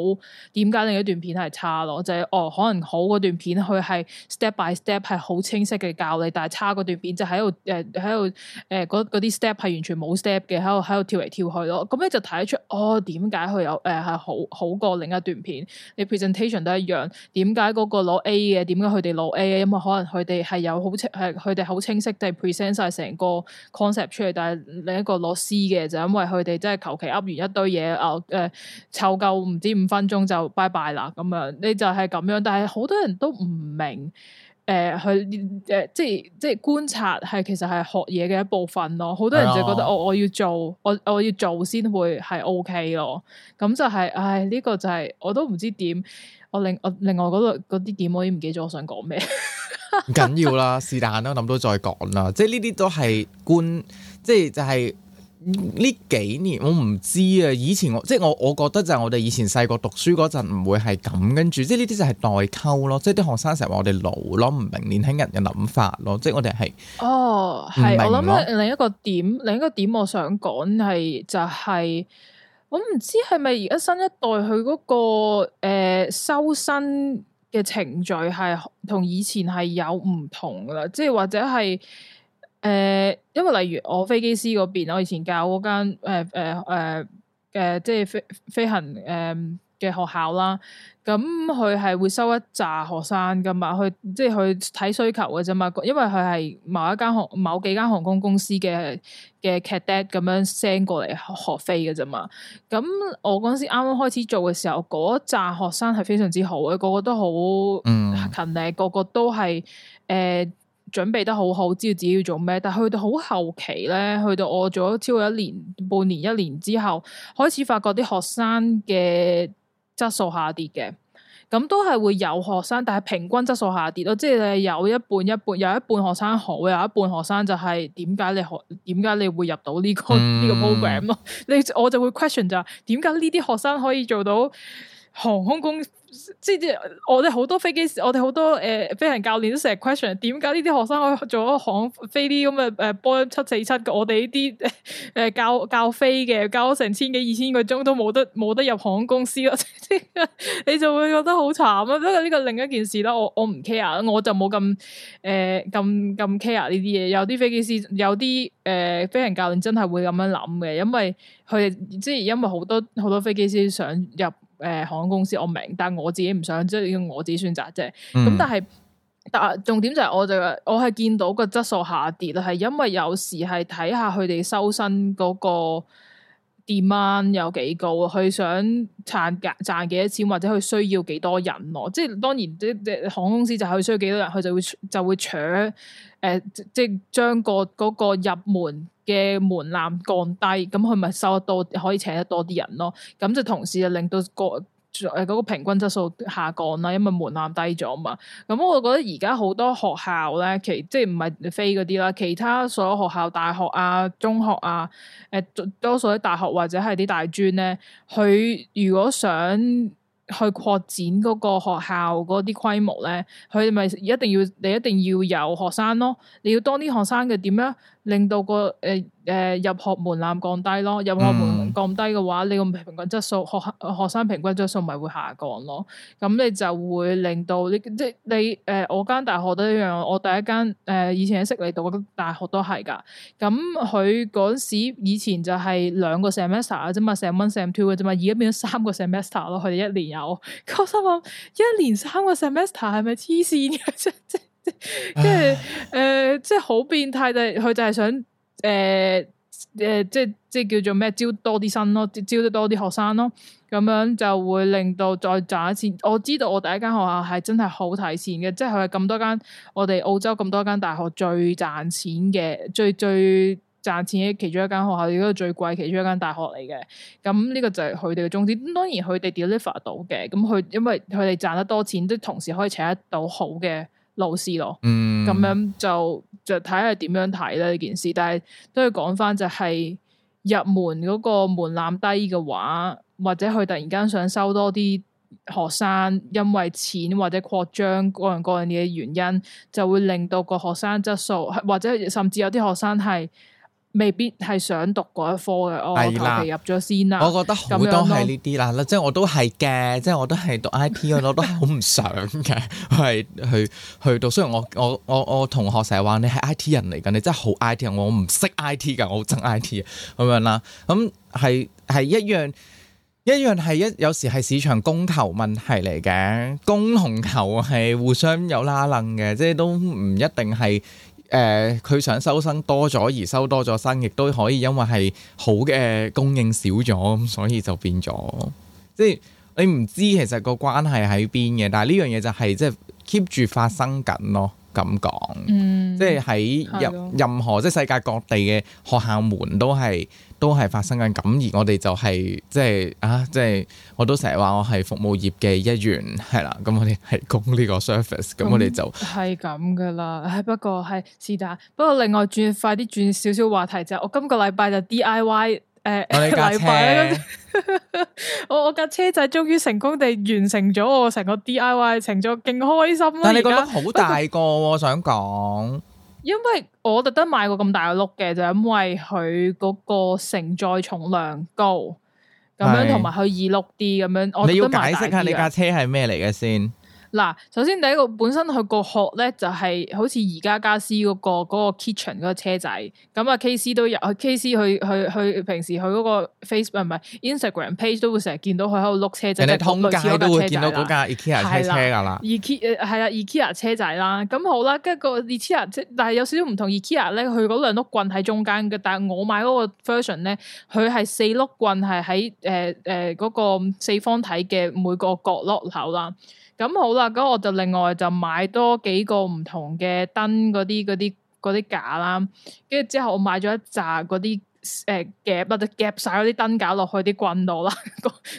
點解另一段片係差咯？就係、是、哦，可能好段片佢係 step by step 係好清晰嘅教你，但係差段片就喺度誒喺度誒嗰啲 step 係完全冇 step 嘅，喺度喺度跳嚟跳去咯。咁你就睇得出哦，點解佢有誒係、呃、好好過另一段片？你 presentation 都一樣，點解嗰個攞 A 嘅？點解佢哋攞 A 嘅？因為可能佢哋係有好清係佢哋好清晰即係 present 晒成個。concept 出嚟，但係另一個攞 C 嘅就因為佢哋真係求其噏完一堆嘢啊，誒、呃，湊夠唔知五分鐘就拜拜啦，咁啊，你就係咁樣，但係好多人都唔明，誒、呃，佢、呃、誒、呃，即係即係觀察係其實係學嘢嘅一部分咯，好多人就覺得我、啊哦、我要做，我我要做先會係 OK 咯，咁就係，唉，呢個就係我都唔知點。我另我另外嗰度嗰啲點我已經唔記得咗， 我想講咩？唔緊要啦，是但啦，諗到再講啦。即係呢啲都係觀，即係就係呢幾年我唔知啊。以前我即係我我覺得就係我哋以前細個讀書嗰陣唔會係咁跟住，即係呢啲就係代溝咯。即係啲學生成日話我哋老咯，唔明年輕人嘅諗法咯。即係我哋係哦，係我諗另一個點，另一個點我想講係就係、是。我唔知係咪而家新一代佢嗰、嗰個誒修、呃、身嘅程序係同以前係有唔同㗎啦，即係或者係誒、呃，因為例如我飛機師嗰邊，我以前教嗰間誒誒誒誒，即係飛飛行誒。呃嘅學校啦，咁佢係會收一紮學生噶嘛，去即係去睇需求嘅啫嘛。因為佢係某一間航某幾間航空公司嘅嘅 cadet 咁樣 send 過嚟學學飛嘅啫嘛。咁我嗰陣時啱啱開始做嘅時候，嗰紮學生係非常之好嘅，個個都好勤力，嗯、個個都係誒、呃、準備得好好，知道自己要做咩。但係去到好後期咧，去到我做咗超過一年、半年、一年之後，開始發覺啲學生嘅質素下跌嘅，咁都係會有學生，但係平均質素下跌咯，即係你有一半一半，有一半學生好，有一半學生就係點解你學？點解你會入到呢個呢、嗯、個 program 咯？你我就會 question 就係點解呢啲學生可以做到航空工。即係我哋好多飛機師，我哋好多誒、呃、飛行教練都成日 question，點解呢啲學生可以做咗行飛呢咁嘅誒波音七四七？我哋呢啲誒教教飛嘅教咗成千幾二千個鐘都冇得冇得入航空公司咯， 你就會覺得好慘啊！不過呢個另一件事啦，我我唔 care，我就冇咁誒咁咁 care 呢啲嘢。有啲飛機師，有啲誒、呃、飛行教練真係會咁樣諗嘅，因為佢即係因為好多好多飛機師想入。誒、呃、航空公司我明，但係我自己唔想，即係要我自己選擇啫。咁、嗯、但係但重點就係我就我係、我係見到個質素下跌啦，係因為有時係睇下佢哋收身嗰個 demand 有幾高，佢想賺賺幾多錢或者佢需要幾多人咯。即係當然，即啲航空公司就係需要幾多人，佢就會就會搶誒、呃，即係將、個嗰、個入門。嘅門檻降低，咁佢咪收得多，可以請得多啲人咯。咁就同時就令到個誒嗰、呃嗰個、平均質素下降啦，因為門檻低咗嘛。咁、嗯、我覺得而家好多學校咧，其即係唔係非嗰啲啦，其他所有學校、大學啊、中學啊，誒、呃、多數啲大學或者係啲大專咧，佢如果想，去擴展嗰個學校嗰啲規模咧，佢咪一定要你一定要有學生咯，你要多啲學生嘅，點樣令到個誒誒、呃呃、入學門檻降低咯，入學門、嗯。降低嘅話，你個平均質素，學學生平均質素咪會下降咯。咁、嗯、你就會令到你即係你誒、呃，我間大學都一樣，我第一間誒、呃、以前喺悉尼讀嘅大學都係噶。咁佢嗰時以前就係兩個 semester 啊，啫嘛成蚊，成 semester 嘅啫嘛，而家變咗三個 semester 咯。佢哋一年有，我心諗一年三個 semester 係咪黐線嘅？即係誒，即係好變態就佢就係想誒。呃誒、呃，即係即係叫做咩？招多啲生咯，招得多啲學生咯，咁樣就會令到再賺一次。我知道我第一間學校係真係好睇錢嘅，即係佢係咁多間我哋澳洲咁多間大學最賺錢嘅，最最賺錢嘅其中一間學校，亦都係最貴其中一間大學嚟嘅。咁呢個就係佢哋嘅宗旨。當然佢哋 deliver 到嘅，咁佢因為佢哋賺得多錢，即同時可以請得到好嘅老師咯。嗯，咁樣就。就睇下點樣睇啦呢件事，但係都要講返就係、是、入門嗰個門檻低嘅話，或者佢突然間想收多啲學生，因為錢或者擴張各樣各樣嘅原因，就會令到個學生質素，或者甚至有啲學生係，未必係想讀嗰一科嘅，哦、的我求其入咗先啦。我覺得好多係呢啲啦，即係我都係嘅，即係 我都係讀 I T，我都好唔想嘅，係 去去讀。雖然我我我我同學成日話你係 I T 人嚟嘅，你真係好 I T 人，我唔識 I T 㗎，我憎 I T 啊，咁樣啦，咁係係一樣一樣係一有時係市場供求問題嚟嘅，供同求係互相有拉楞嘅，即係都唔一定係。誒佢、呃、想收生多咗，而收多咗生亦都可以因為係好嘅供應少咗，咁所以就變咗。即係你唔知其實個關係喺邊嘅，但係呢樣嘢就係、是，即係 keep 住發生緊咯。咁講，嗯、即係喺任任何的即係世界各地嘅學校門都係。都係發生緊，咁而我哋就係、是、即係啊，即係我都成日話我係服務業嘅一員，係啦，咁、嗯、我哋提供呢個 service，嗯、s u r f a c e 咁我哋就係咁噶啦。係不過係是但，不過另外轉快啲轉少少話題就係、是、我今個禮拜就 DIY 誒、呃、禮拜， 我我架車仔終於成功地完成咗我成個 DIY，程序，勁開心啊！但你覺得好大個喎，過我想講。因為我特登買過咁大個轆嘅，就因為佢嗰個承載重量高，咁樣同埋佢易碌啲咁樣。我你要解釋下你架車係咩嚟嘅先？嗱，首先第一個本身佢個殼咧就係好似而家家私嗰個嗰個 kitchen 嗰個車仔，咁啊 K C 都有，K C 去去去平時去嗰個 Facebook 唔係 Instagram page 都會成日見到佢喺度碌車仔嘅，類似通街都會見到嗰架 IKEA 車車噶啦。IKEA 係啦，IKEA 車仔啦，咁好啦，跟個 IKEA 即係，但係有少少唔同，IKEA 咧佢嗰兩碌棍喺中間嘅，但係我買嗰個 version 咧，佢係四碌棍係喺誒誒嗰個四方體嘅每個角落口啦。咁好啦，咁我就另外就買多幾個唔同嘅燈嗰啲啲啲架啦，跟住之後我買咗一扎嗰啲誒夾，嗱就夾晒嗰啲燈架落去啲棍度啦，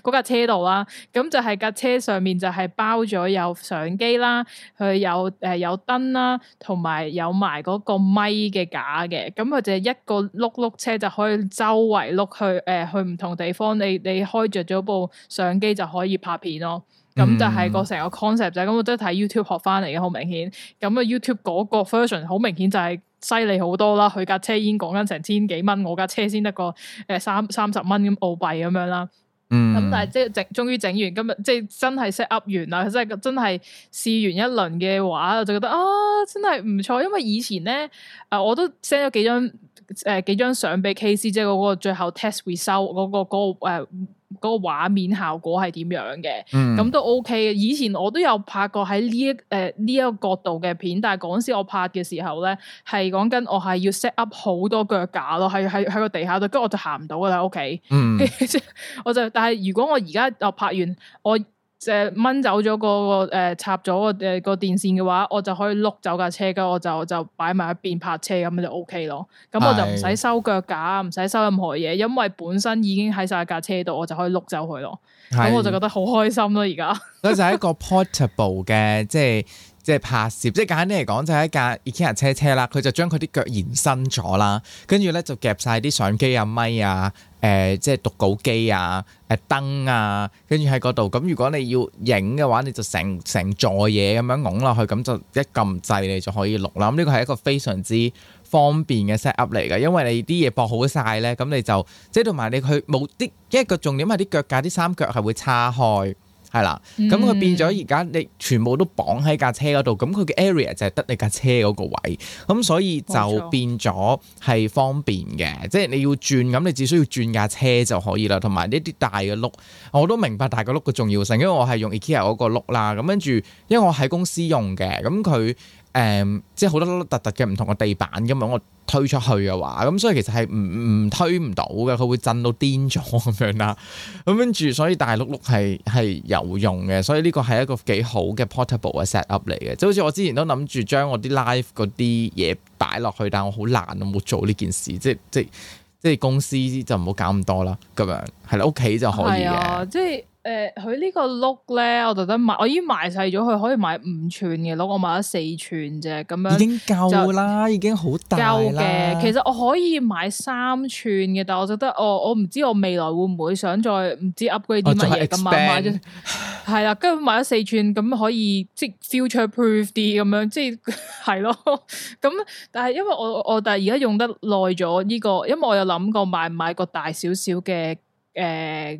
嗰 架車度啦，咁就係架車上面就係包咗有相機啦，佢有誒、呃、有燈啦，同埋有埋嗰個咪嘅架嘅，咁佢就一個碌碌車就可以周圍碌去誒、呃、去唔同地方，你你開着咗部相機就可以拍片咯。咁、嗯、就係個成個 concept 啫，咁、就、我、係、都睇 YouTube 學翻嚟嘅，好明顯。咁啊 YouTube 嗰個 version 好明顯就係犀利好多啦。佢架車已經講緊成千幾蚊，我架車先得個誒三三十蚊咁澳幣咁樣啦。嗯。咁但係即係整，終於整完今日，即係真係 set up 完啦，真係真係試完一輪嘅話，我就覺得啊，真係唔錯。因為以前咧，啊、呃、我都 send 咗幾張誒、呃、幾張相俾 KC，即係嗰個最後 test We 回收嗰個嗰、嗰個、嗰個呃嗰個畫面效果係點樣嘅？咁、嗯、都 OK 嘅。以前我都有拍過喺呢一誒呢、呃、一個角度嘅片，但係嗰陣時我拍嘅時候咧，係講緊我係要 set up 好多腳架咯，係係喺個地下度，跟住我就行唔到啦喺屋企。OK? 嗯、 我就但係如果我而家又拍完我。即係掹走咗、那個誒、呃、插咗個誒個電線嘅話，我就可以碌走架車，車，跟、OK、我就就擺埋一邊泊車咁就 O K 咯。咁我就唔使收腳架，唔使是收任何嘢，因為本身已經喺晒架車度，我就可以碌走佢咯。咁是我就覺得好開心咯、啊，而家嗰就係一個 portable 嘅 即係。即係拍攝，即係簡單啲嚟講，就係一架 IKEA 車車啦。佢就將佢啲腳延伸咗啦，跟住咧就夾晒啲相機啊、咪、呃、啊、誒即係讀稿機啊、誒、呃、燈啊，跟住喺嗰度。咁如果你要影嘅話，你就成成座嘢咁樣㧬落去，咁就一撳掣你就可以錄啦。咁呢個係一個非常之方便嘅 set up 嚟嘅，因為你啲嘢駁好晒咧，咁你就即係同埋你去冇啲一個重點係啲腳架啲三腳係會叉開。係啦，咁佢、嗯、變咗而家你全部都綁喺架車嗰度，咁佢嘅 area 就係得你架車嗰個位，咁所以就變咗係方便嘅，冇錯。即係你要轉咁，你只需要轉架車就可以啦，同埋呢啲大嘅轆，我都明白大嘅轆嘅重要性，因為我係用 IKEA 嗰個轆啦，咁跟住因為我喺公司用嘅，咁佢。誒、嗯，即係好多碌碌凸凸嘅唔同嘅地板咁樣，我推出去嘅話，咁所以其實係唔唔推唔到嘅，佢會震到癲咗咁樣啦。咁跟住，所以大碌碌係係有用嘅，所以呢個係一個幾好嘅 portable 嘅 set up 嚟嘅，就係、好似我之前都諗住將我啲 live 嗰啲嘢擺落去，但我好難啊，冇做呢件事，即係即係即係公司就唔好搞咁多啦，咁樣。係啦，屋企就可以啊，即係誒，佢、呃、呢個碌咧，我覺得買我已經買晒咗，佢可以買五寸嘅碌，我買咗四寸啫，咁樣已經夠啦，就已經好夠嘅。其實我可以買三寸嘅，但係我覺得、哦、我我唔知我未來會唔會想再唔知 upgrade 啲乜嘢咁啊嘛，買咗，係啦再，跟住買咗四寸，咁 可以即係 future proof 啲咁樣，即係係咯。咁但係因為我我但係而家用得耐咗呢個，因為我有諗過買唔買，買個大少少嘅。誒，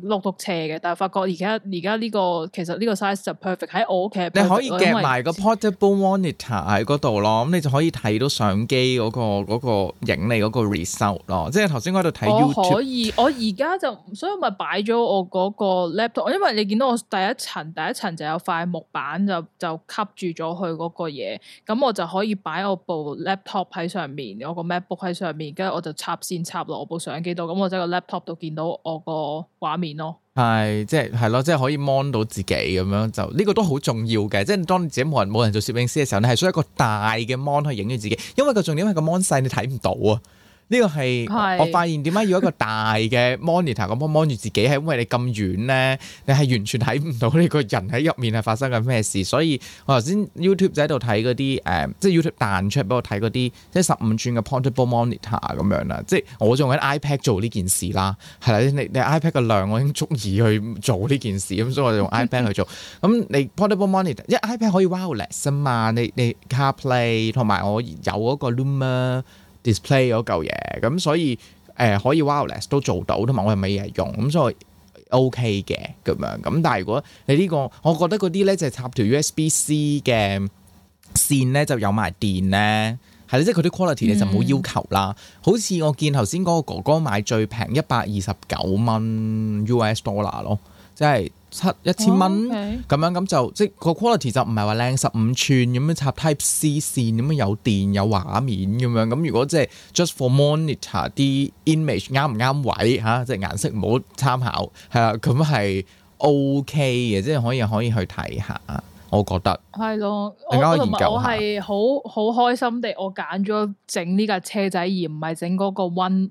駱駝車嘅，但係發覺而家而家呢個其實呢個 size 唔 perfect，喺我屋企你可以夾埋個 portable monitor 喺嗰度咯，咁你就可以睇到相機嗰個影你嗰個 result 咯。即係頭先我喺度睇 YouTube 可以我而家就所以咪擺咗我嗰個 laptop，因為你見到我第一層第一層就有塊木板就就吸住咗佢嗰個嘢，咁我就可以擺我部 laptop 喺上面，我個 MacBook 喺上面，跟住我就插線插落我部相機度，咁我喺個 laptop 度見到我個畫面咯，係即係係咯，即係可以 mon 到自己咁樣，就呢個都好重要嘅。即係當你自己冇人冇人做攝影師嘅時候，你係需要一個大嘅 mon 去影住自己，因為個重點係個 mon 細你睇唔到啊。呢個係是 我，我發現點解要一個大嘅 monitor 咁 monitor 自己，係因為你咁遠咧，你係完全睇唔到你個人喺入面係發生緊咩事。所以我頭先 YouTube 就喺度睇嗰啲誒，即係 YouTube 彈出俾我睇嗰啲，即係十五寸嘅 portable monitor 咁樣啦。即係我仲喺 iPad 做呢件事啦，係啦，你你 iPad 嘅量我已經足以去做呢件事，咁所以我就用 iPad 去做。咁 你 portable monitor，因為 iPad 可以 wireless 啊嘛，你你 car play 同埋我有嗰個 display 嗰嚿嘢，咁所以誒、呃、可以 wireless 都做到，同埋我係咪日用，咁所以 OK 嘅咁樣，咁但係如果你呢、呢個，我覺得嗰啲咧就是、插條 USB C 嘅線咧就有埋電咧，係啦，即係佢啲 quality 你就冇要，要求啦。嗯、好似我見頭先嗰個哥哥買最平一百二十九蚊 US dollar 咯，1，即係。七一千蚊咁樣，咁就即係個 quality 就唔係話靚，十五寸，咁樣插 Type C 線，咁樣有電有畫面咁樣。咁如果即係 just for monitor 啲 image 啱唔啱位吓、啊，即係顏色唔好參考，係啊，咁係 OK 嘅，即係可以可以去睇下，我覺得係咯，Right. 研究我同埋我係好好開心地我揀咗整呢架車仔而唔係整嗰個 one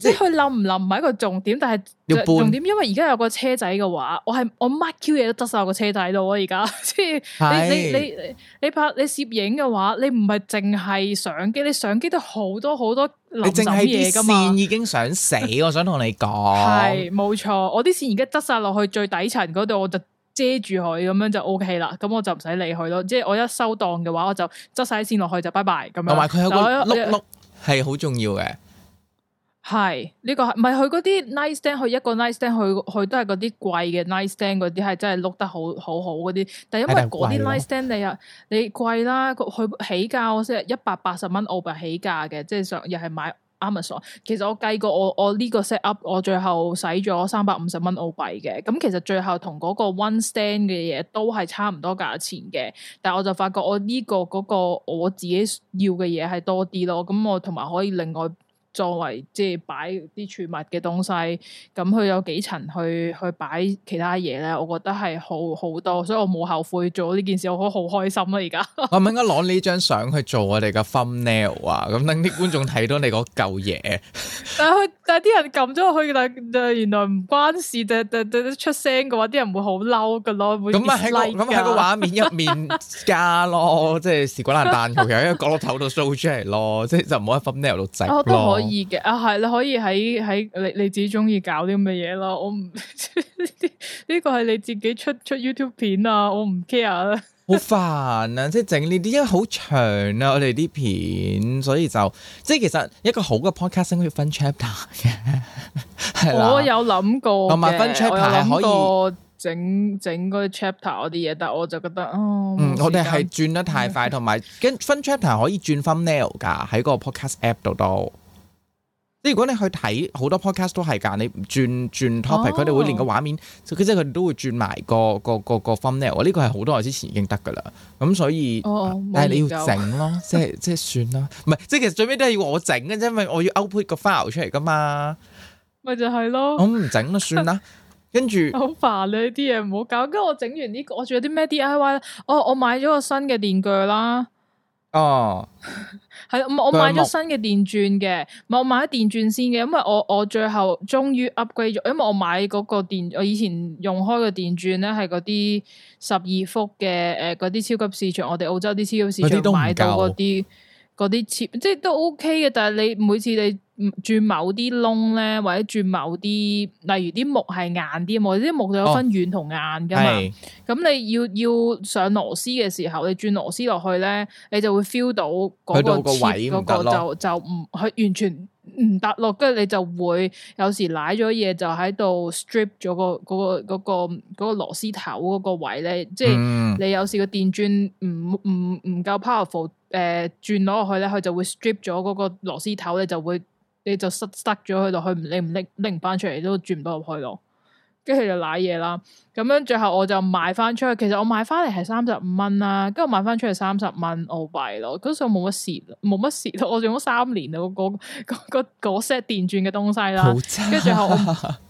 即係佢冧唔冧唔係一個重點，但係重點，要搬因為而家有個車仔嘅話，我係我乜 Q 嘢都執晒我個車仔度啊！而家，即係你是的 你你你拍你攝影嘅話，你唔係淨係相機，你相機都好多好多嘢㗎嘛，你淨係啲線已經想死，我想同你講，係冇錯，我啲線而家執晒落去最底層嗰度，我就遮住佢，咁樣就 OK 啦。咁我就唔使理佢咯。即係我一收檔嘅話，我就執晒啲線落去就拜拜咁樣。同埋佢有個碌碌係好重要嘅。係，呢個係唔係佢嗰啲 nightstand 佢一個 nightstand 佢佢都係嗰啲貴嘅 nightstand 嗰啲，係真係碌得好好好嗰啲。但係因為嗰啲 nightstand 你又你貴啦，佢起價我先係一百八十蚊澳幣起價嘅，即係上又係買 Amazon。其實我計過我，我我呢個 set up 我最後使咗三百五十蚊澳幣嘅。咁其實最後同嗰個 one stand 嘅嘢都係差唔多價錢嘅。但係我就發覺我呢個嗰個我自己要嘅嘢係多啲咯。咁我同埋可以另外。作為即係擺啲儲物嘅東西，咁佢有幾層去去擺其他嘢咧？我覺得係好好多，所以我冇後悔做呢件事，我覺得好開心啊！而家我唔應該攞呢張相去做我哋嘅 Thumbnail 啊！咁等啲觀眾睇到你嗰嚿嘢，但係但係啲人撳咗去，原來唔關事，出聲嘅話，啲人會好嬲噶咯。咁啊喺個咁畫面入面加咯， 即係試過爛彈其由一個角落頭度 show 出嚟咯，即係就唔好喺 Thumbnail 度值可以嘅啊，係你可以喺喺你你自己中意搞啲咁嘅嘢咯。我唔呢啲呢個係你自己出出 YouTube 片啊，我唔 care。好煩啊， 即係整呢啲因為好長啊，我哋啲片，所以就即係其實一個好嘅 podcast 可以分 chapter 嘅。 的我有諗過，同埋分 chapter 可以整整嗰啲 chapter 嗰啲嘢，但我就覺得、哦、嗯，我哋係轉得太快，同埋跟分 chapter 可以轉翻 thumbnail 噶喺個 podcast app 度都。即如果你去睇好多 podcast 都係噶，你轉轉 topic，佢哋會連個畫面，即係佢哋都會轉埋個個個個 file。我呢個係好多年之前已經得噶啦，咁、嗯、所以哦哦但係你要整咯，即係即係算啦，唔係即係其實最尾都係要我整嘅，啫，因為我要 output 個 file 出嚟噶嘛，咪就係咯，我唔整啦，算啦， 跟住好煩啊呢啲嘢唔好搞，跟住我整完呢、這個，我仲有啲咩 DIY 哦，我買咗個新嘅電鋸啦， 哦。係，我買咗新嘅電鑽嘅，我買咗電鑽先嘅，因為我我最後終於 upgrade 咗，因為我買嗰個電，我以前用開嘅電鑽咧係嗰啲十二伏嘅，誒嗰啲超級市場，我哋澳洲啲超級市場買到嗰啲嗰啲切，即係都 OK 嘅，但係你每次你。轉某啲窿咧，或者轉某啲，例如啲木係硬啲，或者啲木就有分軟同硬噶嘛。咁、哦、你要要上螺絲嘅時候，你轉螺絲落去咧，你就會 feel 到嗰個切嗰個就個就唔佢完全唔搭落，跟住你就會有時瀨咗嘢就喺度 strip 咗、嗰個嗰、嗰個嗰螺絲頭嗰個位咧，即係你有時個電鑽唔唔唔夠 powerful，誒轉攞落去咧，佢就會 strip 咗嗰個螺絲頭咧、就係呃、就，就會。你就塞塞咗佢落去，你唔拎拎唔翻出嚟都轉唔到入去咯。跟住就瀨嘢啦，咁樣最後我就賣翻出去。其實我買翻嚟係三十五蚊啦，跟住賣翻出去三十蚊澳幣咯。嗰時候冇乜蝕，冇乜蝕咯。我用咗三年啦，嗰嗰嗰嗰 set 電鑽嘅東西啦，跟住後。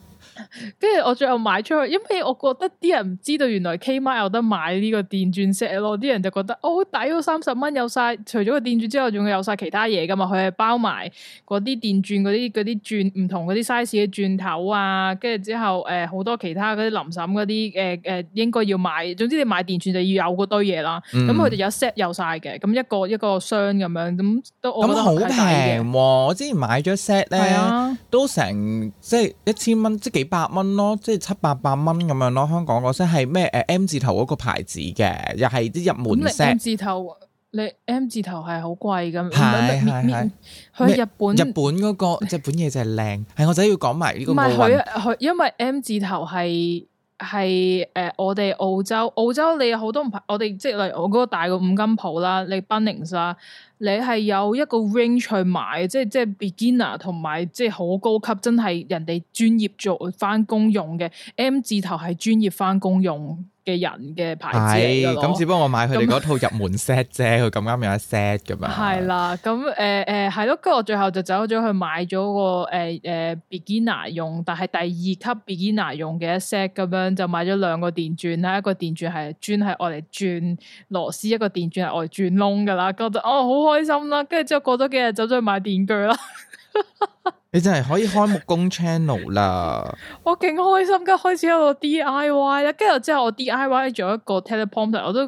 跟住我最後買出去，因為我覺得啲人唔知道原來 Kmart 有得買呢個電鑽 set 咯，啲人就覺得哦，抵啊，三十蚊有晒，除咗個電鑽之外仲有晒其他嘢噶嘛，佢係包埋嗰啲電鑽嗰啲嗰啲鑽唔同嗰啲 size 嘅鑽頭啊，跟住之後誒好多其他嗰啲林沈嗰啲誒誒應該要買，總之你買電鑽就要有嗰堆嘢啦，咁佢就有 set 有晒嘅，咁一個一個箱咁樣咁都咁好平嘅，我之前買咗 set 咧，都成即係一千蚊即幾。百蚊咯，即係七八百蚊咁樣咯。香港嗰隻係咩？誒，M 字頭嗰個牌子嘅，又係啲入門。嗯、M 字頭，你 M 字頭係好貴㗎，唔係咩咩？佢日本、嗰個、日本嗰、嗰個日本嘢就係靚，係我仔要講埋呢個。唔係佢佢，因為 M 字頭係係誒，我哋澳洲澳洲你有好多唔牌，我哋即係例如我嗰個大個五金鋪啦，你 Bunnings 啦。你係有一個 range 去買，即係即係 beginner 同埋即係好高級，真係人哋專業做翻工用嘅 M 字頭係專業翻工用嘅人嘅牌子嚟嘅咯。咁只不過我買佢哋嗰套入門 set 啫，佢咁啱有一 set 咁樣。係啦，咁誒誒係咯，跟住我最後就走咗去買咗個誒誒 beginner 用，但係第二級 beginner 用嘅一 set 咁樣就買咗兩個電鑽啦，一個電鑽係專係愛嚟轉螺絲，一個電鑽係愛轉窿噶啦。覺得哦好，好。開心啦，跟住之後過咗幾日，走咗去買電鋸啦 。你真係可以開木工 channel 啦！我勁開心，跟住開始喺度 D I Y 啦，跟住之後我 D I Y 咗一個 teleprompter，我都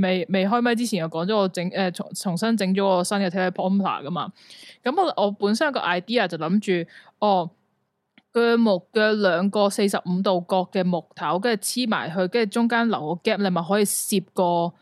未未開麥之前又講咗我整誒重、呃、重新整咗個新嘅 teleprompter 噶嘛。咁我我本身個 idea 就諗住，哦，鋸木嘅兩個四十五度角嘅木頭，跟住黐埋去，跟住中間留個 gap，你咪可以攝個。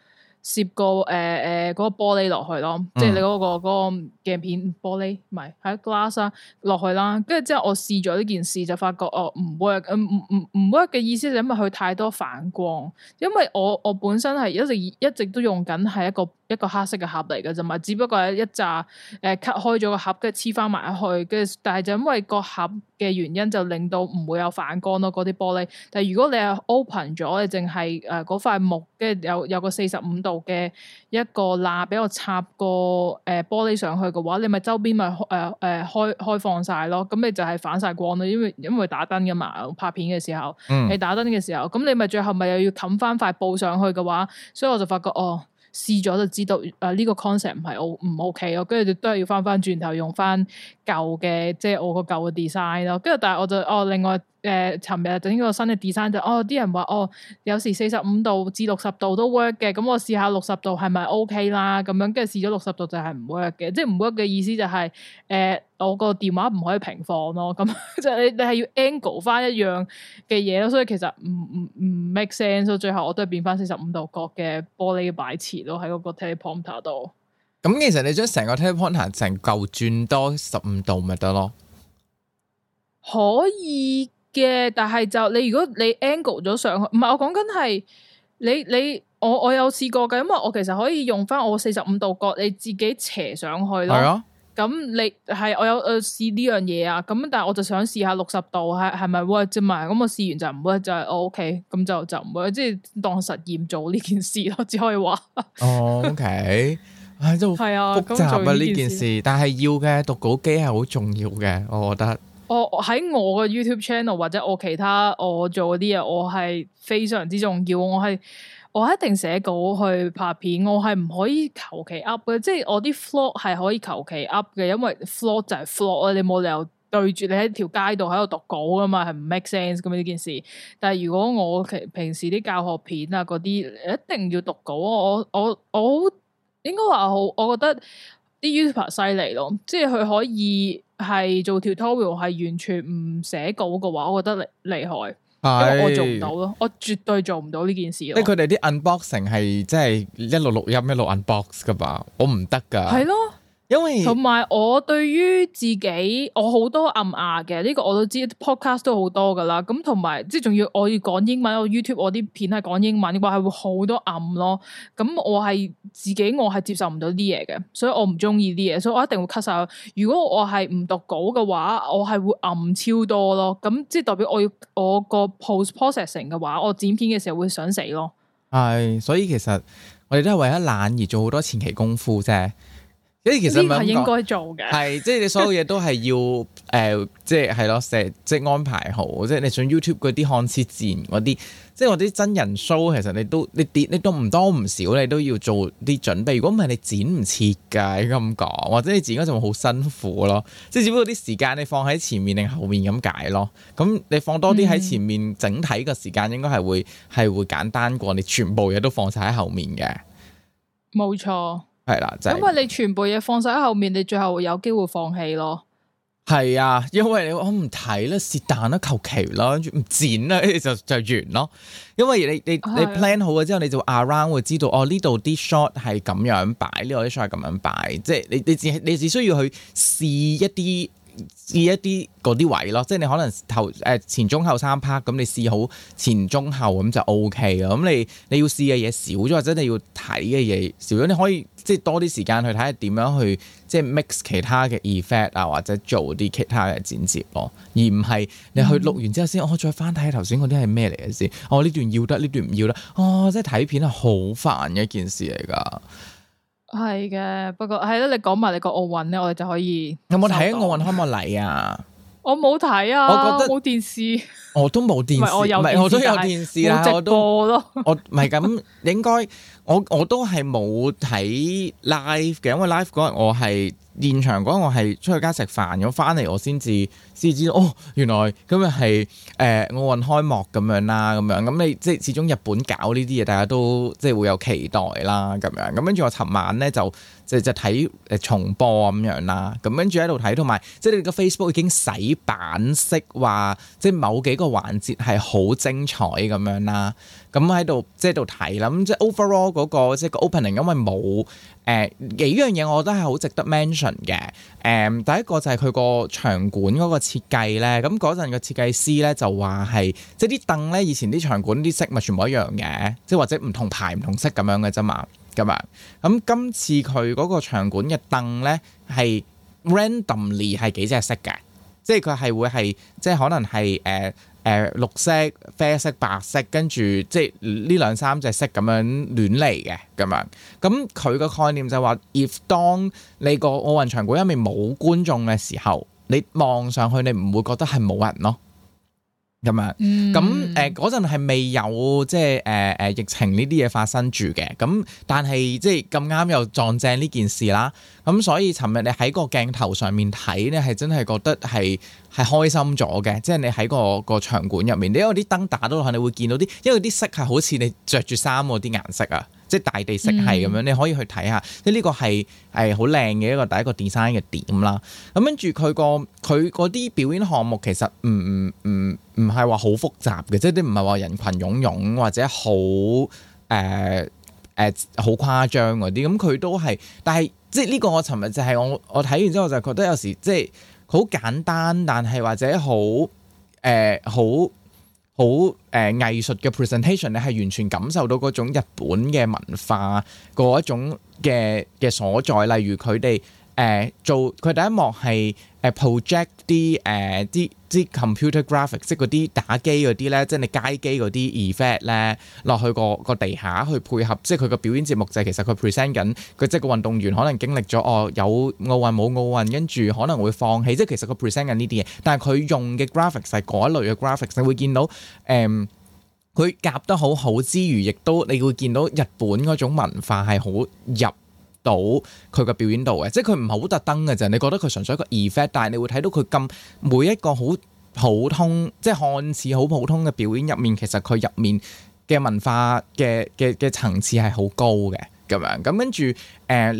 攝、呃呃嗰個誒誒嗰玻璃落去咯，即係你嗰、嗰個嗰、嗯、鏡片玻璃，唔係係 glass 落去啦，跟住之後我試咗呢件事就發覺哦，唔 work，唔唔唔唔 work 嘅意思就因為佢太多反光，因為我我本身係一直一直都用緊係一個，一個黑色嘅盒嚟嘅啫嘛，只不過係一扎誒 cut 開咗個盒，跟住黐翻埋去，跟但係就因為個盒嘅原因，就令到唔會有反光咯。嗰啲玻璃，但係如果你係 open 咗，你淨係誒嗰塊木，跟住有有個四十五度嘅一個罅，俾我插個誒、呃、玻璃上去嘅話，你咪周邊咪誒誒開開放晒咯。咁你就係反晒光咯，因為因為打燈噶嘛，拍片嘅時候，嗯、你打燈嘅時候，咁你咪最後咪又要冚翻塊布上去嘅話，所以我就發覺哦。試咗就知道，誒、呃、呢、呢個 concept 唔係 O 唔 OK 咯，跟住都係要翻翻轉頭用翻舊嘅，即係我個舊嘅 design 咯，跟住但係我就哦，另外。誒，尋日整個新嘅 design 就，哦，啲人話，哦，有時四十五度至六十度都 work 嘅，咁、嗯、我試下六十度係咪 OK 啦，咁樣跟住試咗六十度就係唔 work 嘅，即係唔 work 嘅意思就係、是，誒、呃，我個電話唔可以平放咯，咁、嗯、就你你係要 angle 翻一樣嘅嘢咯，所以其實唔唔唔 make sense，到最後我都係變翻四十五度角嘅玻璃擺設咯，喺嗰個 teleprompter 度。咁、嗯、其實你將成個 teleprompter 成嚿轉多十五度咪得咯？可以。可以嘅，但係就你如果你 angle 咗上去，唔係我講緊係你你我我有試過嘅，因為我其實可以用翻我四十五度角，你自己斜上去咯。係啊，咁、嗯、你係我有誒試呢樣嘢啊，咁但係我就想試下六十度係係咪會接埋，咁、嗯、我試完就唔會就係我、哦、OK，咁就就唔會即係當實驗做呢件事咯，只可以話。哦、 oh,，OK，唉、啊，係好複雜啊呢、啊嗯、件事，但係要嘅讀稿機係好重要嘅，我覺得。我喺我嘅 YouTube channel 或者我其他我做嗰啲嘢，我係非常之重要。我係我一定寫稿去拍片，我係唔可以求其 up 嘅。即係我啲 vlog 係可以求其 up 嘅，因為 vlog 就係 vlog 啦。你冇理由對住你喺條街度喺度讀稿噶嘛，係唔 make sense 咁樣呢件事。但係如果我其平時啲教學片啊嗰啲，一定要讀稿。啊，我我我應該話好，我覺得啲 YouTuber 犀利咯，即係佢可以。係做條 tutorial 係完全唔寫稿嘅話，我覺得厲厲害，是因為我做唔到咯，我絕對做唔到呢件事。即係佢哋啲 unboxing 係即係、就是、一路錄音一路 unbox 噶吧，我唔得噶。係咯。同埋，我對於自己我好多暗牙嘅呢個我都知，podcast 都好多噶啦。咁同埋，即係仲要我要講英文，我 YouTube 我啲片係講英文嘅話係會好多暗咯。咁我係自己我係接受唔到啲嘢嘅，所以我唔中意啲嘢，所以我一定會 cut 晒。如果我係唔讀稿嘅話，我係會暗超多咯。咁即係代表我要我個 post processing 嘅話，我剪片嘅時候會想死咯。係、哎，所以其實我哋都係為咗懶而做好多前期功夫啫。即係其實唔係應該做嘅，係即係你所有嘢都係要誒，即係係咯，即、就、係、是就是、安排好，即、就、係、是、你上 YouTube 嗰啲看似剪嗰啲，即係、 就是、我啲真人 show，其實你都你跌，你都唔多唔少，你都要做啲準備。如果唔係你剪唔切㗎，咁講，或者你剪嗰陣會好辛苦咯。即係只不過啲時間，你放喺前面定後面咁解咯。咁你放多啲喺前面，整體嘅時間應該係會係、嗯、會簡單過你全部嘢都放晒喺後面嘅。冇錯。係啦，就係、因為你全部嘢放晒喺後面，你最後會有機會放棄咯。係啊，因為你我唔睇啦，是但啦，求其啦，跟住唔剪啦，就就完咯。因為你你你 plan 好咗之後，你就 around 會知道哦呢度啲 shot 係咁樣擺，呢度啲 shot 係咁樣擺，即係你你只你只需要去試一啲。試一啲嗰啲位咯，即係你可能頭誒前中後三 part，咁你試好前中後咁就 O K 噶。咁你你要試嘅嘢少咗，或者你要睇嘅嘢少咗，你可以即係多啲時間去睇下點樣去即係 mix 其他嘅 effect 啊，或者做啲其他嘅剪接咯，而唔係你去錄完之後先，我、嗯哦、再翻睇頭先嗰啲係咩嚟嘅先，我、哦、呢段要得，呢段唔要得，哇、哦，即係睇片係好煩嘅一件事嚟噶。係嘅，不過係啦，你講埋你個奧運咧，我哋就可以有冇睇奧運開幕禮啊？我冇睇啊，我覺得冇電視，我都冇電視， 我有，我都有電視啊，我都，我唔係咁，應該我我都係冇睇 live 嘅，因為 live 嗰日我係。現場嗰，我係出去街食飯咗翻嚟，我先至先知道哦，原來今日係誒奧運開幕咁樣啦，咁樣咁你即係始終日本搞呢啲嘢，大家都即係會有期待啦，咁樣咁跟住我尋晚咧就就就睇誒重播咁樣啦，咁跟住喺度睇，同埋即係你個 Facebook 已經洗版式話，即係某幾個環節係好精彩咁樣啦，咁喺度即係度睇啦，咁、嗯、即係 overall 嗰、嗰個即係個 opening 因為冇。誒、嗯、幾樣嘢，我覺得係好值得 mention 嘅。誒、嗯，第一個就係佢個場館嗰個設計咧，咁嗰陣嘅設計師咧就話係，即係啲凳咧，以前啲場館啲色咪全部一樣嘅，即係或者唔同排唔同色咁樣嘅啫嘛，咁、嗯、樣。咁、嗯嗯、今次佢嗰個場館嘅凳咧係 randomly 係幾隻色嘅，即係佢係會係即係可能係誒。呃誒、呃、綠色、啡色、白色，跟住即係呢兩三隻色咁樣亂嚟嘅咁樣。咁佢個概念就話，如果當你個奧運場館入面冇觀眾嘅時候，你望上去你唔會覺得係冇人咯。咁樣，咁誒嗰陣係未有即係誒誒疫情呢啲嘢發生住嘅，咁但係即係咁啱又撞正呢件事啦。咁、嗯、所以尋日你喺個鏡頭上面睇咧，係真係覺得係係開心咗嘅。即係你喺、個、個場館入面，因為啲燈打到落去，你會見到啲，因為啲色係好似你着住衫嗰啲顏色啊。即係大地色系咁樣，你可以去睇下。即呢個係係好靚嘅一個第一個 design 嘅點啦。咁跟住佢個佢嗰啲表演項目其實唔唔唔唔係話好複雜嘅，即係啲唔係話人群湧湧或者好誒誒好誇張嗰啲。咁佢都係，但係即係呢個我尋日就係我我睇完之後就覺得有時即係好簡單，但係或者好誒好。呃好誒、呃、藝術嘅 presentation 咧，係完全感受到嗰種日本嘅文化嗰一種嘅嘅所在，例如佢哋。誒、呃、做佢第一幕係誒、呃、project 啲誒啲啲 computer graphics，即係嗰啲打機嗰啲咧，即係你街機嗰啲 effect 咧落去個個地下去配合，即係佢個表演節目就係其實佢 present 緊佢即係個運動員可能經歷咗哦有奧運冇奧運，跟住可能會放棄，即係其實佢 present 緊呢啲嘢，但係佢用嘅 graphics 係嗰一類嘅 graphics，你會見到誒佢夾得好好之餘，亦都你會見到日本嗰種文化係好入到佢嘅表演度嘅，即係佢唔係好特登嘅啫。你覺得佢純粹一個 effect，但係你會睇到佢咁每一個好普通，即係看似好普通嘅表演入面，其實佢入面嘅文化嘅嘅嘅層次係好高嘅咁樣，咁跟住誒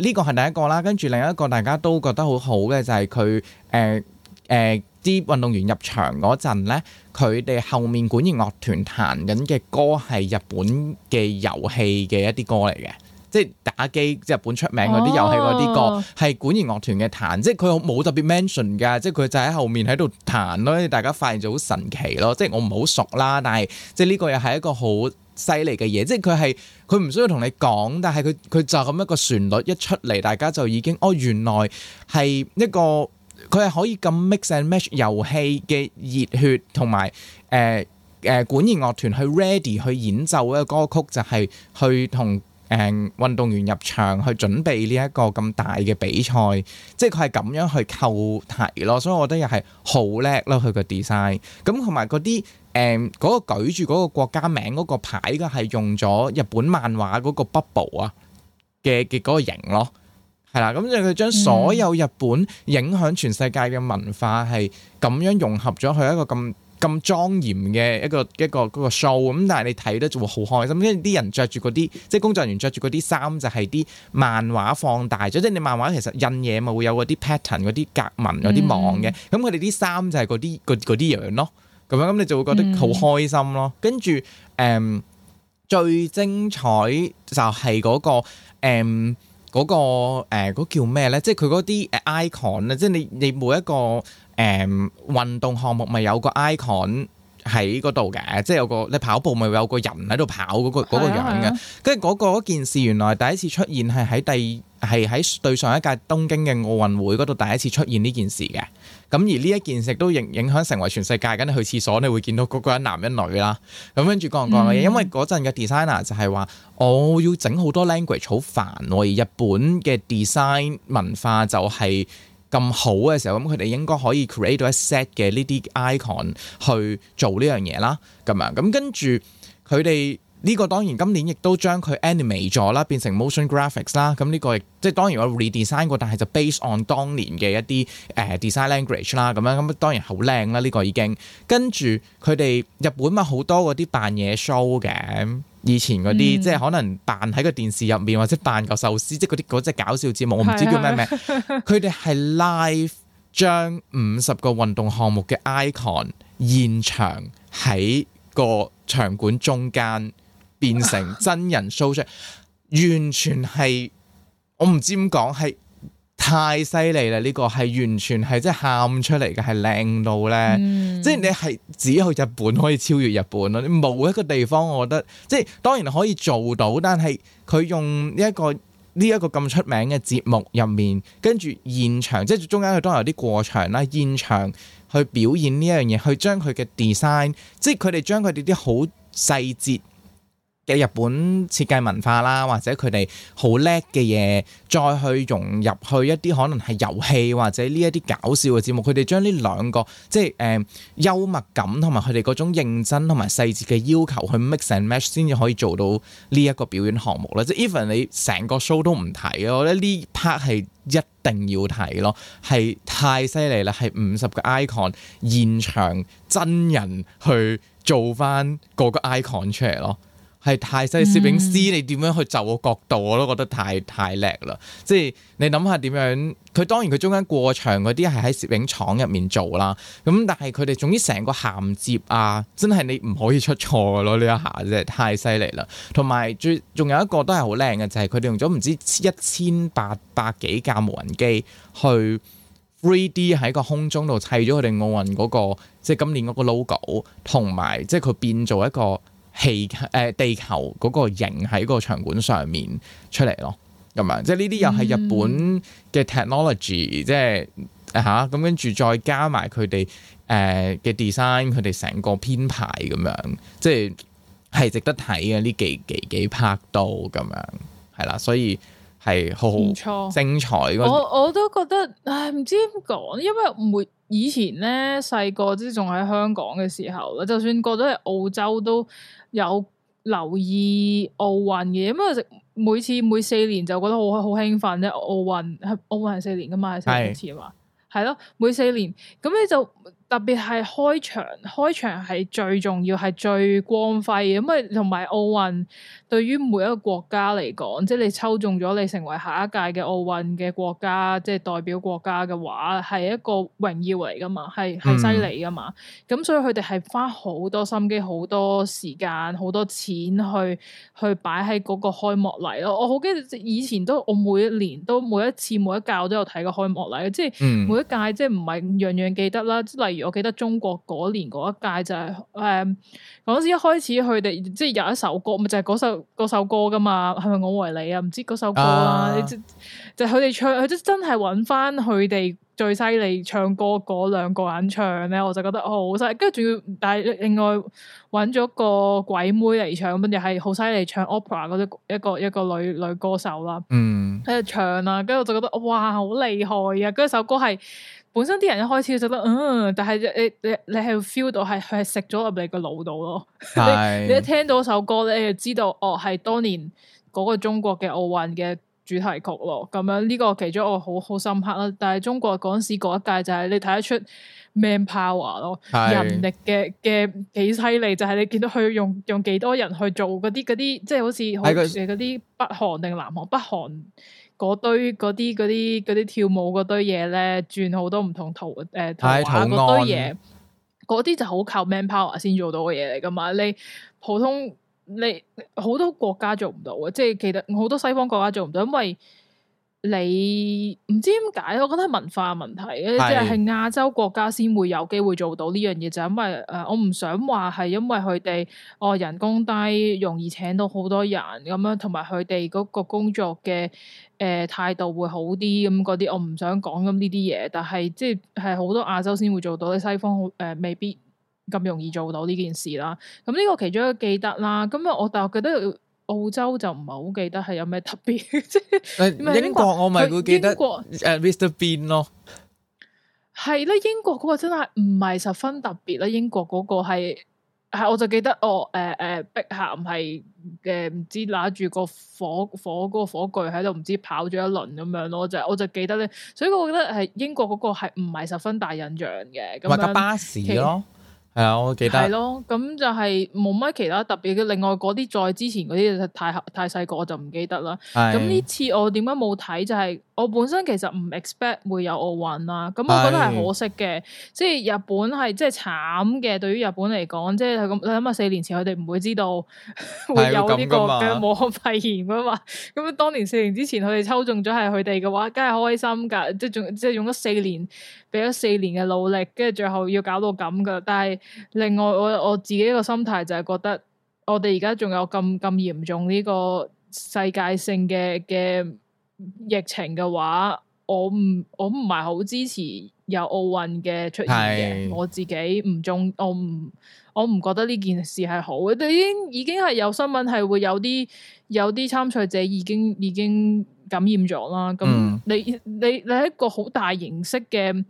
呢個係第一個啦。跟住另一個大家都覺得好好嘅就係佢誒誒啲運動員入場嗰陣咧，佢哋後面管弦樂團彈緊嘅歌係日本嘅遊戲嘅一啲歌嚟嘅。即係打機，即日本出名嗰啲遊戲嗰啲歌係管弦樂團嘅彈，即係佢冇特別 mention 㗎，即係佢就喺後面喺度彈咯。大家發現就好神奇咯，即係我唔好熟啦，但係即係呢個又係一個好犀利嘅嘢，即係佢係佢唔需要同你講，但係佢佢就咁一個旋律一出嚟，大家就已經哦，原來係一個佢係可以咁 mix and match 遊戲嘅熱血同埋誒誒管弦樂團去 ready 去演奏一個歌曲，就係、是、去同。誒、嗯、運動員入場去準備呢一個咁大嘅比賽，即係佢係咁樣去扣題咯，所以我覺得又係好叻咯佢個 design。咁同埋嗰啲誒嗰個舉住嗰個國家名嗰個牌嘅係用咗日本漫畫嗰個 bubble 啊嘅嘅嗰個型咯，係啦。咁就佢將所有日本影響全世界嘅文化係咁樣融合咗去一個咁。咁莊嚴嘅一個一個嗰個 show 咁，但係你睇得就會好開心，因為啲人着住嗰啲即係工作人員着住嗰啲衫就係啲漫畫放大咗，即係你漫畫其實印嘢咪會有嗰啲 pattern 嗰啲格紋嗰啲網嘅，咁佢哋啲衫就係嗰啲啲樣咯，咁樣咁你就會覺得好開心咯。跟住誒最精彩就係嗰、嗰個誒嗰、嗯嗰個呃嗰個叫咩咧？即係佢嗰啲誒 icon 啊，即係你你每一個。誒、um, 運動項目咪有個 icon 喺嗰度嘅，即係有個你跑步咪有個人喺度跑嗰、嗰個嗰、嗰個、樣嘅。跟住嗰個件事，原來第一次出現係喺第係喺對上一屆東京嘅奧運會嗰度第一次出現呢件事嘅。咁而呢一件事都影影響成為全世界，咁你去廁所你會見到嗰個一男一女啦。咁跟住講唔講嘢，嗯、因為嗰陣嘅 designer 就係話，我、哦、要整好多 language 好煩、啊。而日本嘅 design 文化就係、是。咁好嘅時候，咁佢哋應該可以 create 到一 set 嘅呢啲 icon 去做呢樣嘢啦，咁樣咁跟住佢哋。呢個當然今年亦都將佢 animate 咗啦，變成 motion graphics 啦。咁、這、呢個亦即係當然我 redesign 過，但係就 based on 當年嘅一啲誒、呃、design language 啦。咁樣咁當然好靚啦，呢、這個已經跟住佢哋日本嘛好多嗰啲扮嘢 show 嘅，以前嗰啲、嗯、即係可能扮喺個電視入面或者扮個壽司，即係嗰啲嗰隻搞笑節目，我唔知叫咩名。佢哋係 live 將五十個運動項目嘅 icon 現場喺個場館中間。變成真人 show 完全係我唔知點講，係太犀利啦！呢、呢個係完全係、嗯、即係喊出嚟嘅，係靚到呢。即係你係只去日本可以超越日本咯。你冇一個地方，我覺得即係當然可以做到，但係佢用呢、呢、一個呢一、呢個咁出名嘅節目入面，跟住現場即係中間佢當然有啲過場啦，現場去表演呢一樣嘢，去將佢嘅 design，即係佢哋將佢哋啲好細節嘅日本設計文化啦，或者佢哋好叻嘅嘢，再去融入去一啲可能係遊戲或者呢一啲搞笑嘅節目。佢哋將呢兩個即係誒、呃、幽默感，同埋佢哋嗰種認真同埋細節嘅要求去 mix and match，先至可以做到呢一個表演項目咧。即係 even 你成個 show 都唔睇咯，我覺得呢 part 係一定要睇咯，係太犀利啦！係五十個 icon 現場真人去做翻嗰個 icon 出嚟咯。係太細，攝影師、嗯、你點樣去就個角度，我都覺得太太叻啦。即係你諗下點樣？佢當然佢中間過場嗰啲係喺攝影廠入面做啦。咁但係佢哋總之成個銜接啊，真係你唔可以出錯噶咯。呢一下真係太犀利啦！同埋最仲有一個都係好靚嘅，就係佢哋用咗唔知一千八百幾架無人機去 three D 喺個空中度砌咗佢哋奧運嗰、嗰個，即、就、係、係、今年嗰個 logo，同埋即係佢變做一個。氣誒、呃，地球嗰個形喺個場館上面出嚟咯，咁樣即係呢啲又係日本嘅 technology，即係吓，咁跟住再加埋佢哋誒嘅 design，佢哋成個編排咁樣，即係係、嗯啊呃、值得睇嘅呢幾幾幾拍到 part 都咁樣，係啦，所以係好好精彩。我我都覺得，唉，唔知點講，因為每以前咧細個即係仲喺香港嘅時候，就算過咗去澳洲都。有留意奧運嘅，因為每次每四年就覺得好，好興奮啫。奧運奧運係四年噶嘛，係四年一次嘛，係咯，每四年咁你就特別係開場，開場係最重要，係最光輝嘅，因為同埋奧運。對於每一個國家嚟講，即係你抽中咗你成為下一屆嘅奧運嘅國家，即係代表國家嘅話，係一個榮耀嚟噶嘛，係係犀利噶嘛。咁、嗯、所以佢哋係花好多心機、好多時間、好多錢去去擺喺嗰個開幕禮咯。我好記得以前都，我每一年都每一次每一屆我都有睇過開幕禮，即係每一屆、嗯、即係唔係樣樣記得啦。即係例如我記得中國嗰年嗰一屆就係誒，嗰陣時一開始佢哋即係有一首歌，咪就係、是、嗰首。嗰首歌噶嘛，係咪我為你啊？唔知嗰首歌啦、啊啊，就佢哋唱，佢都真係搵翻佢哋最犀利唱歌嗰兩個人唱咧，我就覺得好犀，跟住仲要，但係另外揾咗個鬼妹嚟唱，跟住係好犀利唱 opera 嗰啲一個一個女女歌手啦，喺度、嗯、唱啊，跟住我就覺得哇好厲害啊！跟住首歌係。本身啲人一開始就覺得嗯，但係你你你係會 feel 到係係食咗入你個腦度咯。 你，是你一聽到首歌咧，你就知道哦，係當年嗰個中國嘅奧運嘅主題曲咯。咁樣呢，這個其中我好好深刻啦。但係中國嗰陣時嗰一屆就係你睇得出 man power 咯是，人力嘅嘅幾犀利，就係、是，你見到佢用用幾多人去做嗰啲啲，即係、就是，好似誒嗰啲北韓定南韓北韓。嗰堆啲啲啲跳舞嗰堆嘢咧，轉好多唔同圖誒畫嗰堆嘢，嗰啲就好靠 man power 先做到嘅嘢嚟噶嘛？你普通你好多國家做唔到啊。即係其實好多西方國家做唔到，因為。你唔知點解，我覺得係文化問題，是即係亞洲國家先會有機會做到呢樣嘢，就是、因為誒、呃，我唔想話係因為佢哋哦人工低，容易請到好多人咁樣，同埋佢哋嗰個工作嘅誒、呃、態度會好啲咁嗰啲，我唔想講咁呢啲嘢。但係即係係好多亞洲先會做到，啲西方好誒、呃、未必咁容易做到呢件事啦。咁呢個其中一個記得啦。咁啊，我就覺得。澳洲就唔係好記得係有咩特別，即 係英，英國我咪會記得，誒國、uh, Mr Bean 咯、哦，係咧英國嗰個真係唔係十分特別咧，英國嗰個係，係我就記得我誒誒，碧咸唔係誒唔知拿住個火火嗰個火炬喺度唔知跑咗一輪咁樣咯，我就我就記得咧、那個，所以我覺得係英國嗰個係唔係十分大印象嘅，同埋個巴士咯。係啊，我記得係咯，咁就係冇乜其他特別嘅，另外嗰啲再之前嗰啲太太細個，我就唔記得啦。咁呢是次我點解冇睇？就係、是、我本身其實唔 expect 會有奧運啦。咁我覺得係可惜嘅是，即係日本係即係慘嘅。對於日本嚟講，即係咁諗下，你諗下四年前佢哋唔會知道會有呢、這個嘅磨肺炎啊嘛。咁當，當年四年之前佢哋抽中咗係佢哋嘅話，梗係好開心噶。即係仲即係用咗四年，俾咗四年嘅努力，跟住最後要搞到咁噶，但係。另外，我我自己個心態就係覺得我，我哋而家仲有咁咁嚴重呢個世界性嘅嘅、這個、疫情嘅話，我唔我唔係好支持有奧運嘅出現嘅。是我自己唔中，我唔我唔覺得呢件事係好。佢哋已經已經係有新聞係會有啲有啲參賽者已經已經感染咗啦。咁你、嗯、你你，你係一個好大形式嘅。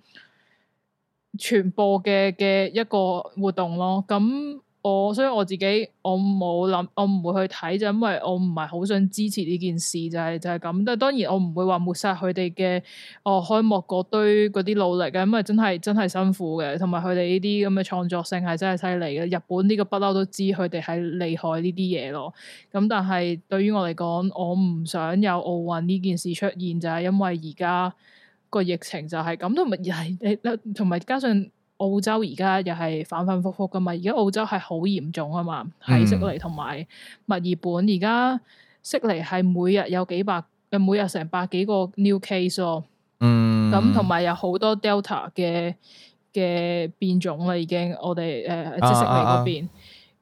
傳播嘅嘅一個活動咯，咁我所以我自己我冇諗，我唔會去睇，就因為我唔係好想支持呢件事，就係、是、就係、是、咁。但係當然我唔會話抹殺佢哋嘅，我、哦、開幕嗰堆嗰啲努力啊，因為真係真係辛苦嘅，同埋佢哋呢啲咁嘅創作性係真係犀利嘅。日本呢個不嬲都知佢哋係厲害呢啲嘢咯。咁但係對於我嚟講，我唔想有奧運呢件事出現，就係、是、因為而家。個疫情就係咁，同埋又係，同埋加上澳洲而家又係反反复覆噶嘛。而家澳洲係好嚴重啊嘛，喺悉尼同埋墨爾本，而家悉尼係每日有幾百，每日成百幾個 new case 咯，哦。嗯。咁同埋有好多 Delta 嘅嘅變種啦，已經我哋誒，即悉尼嗰邊。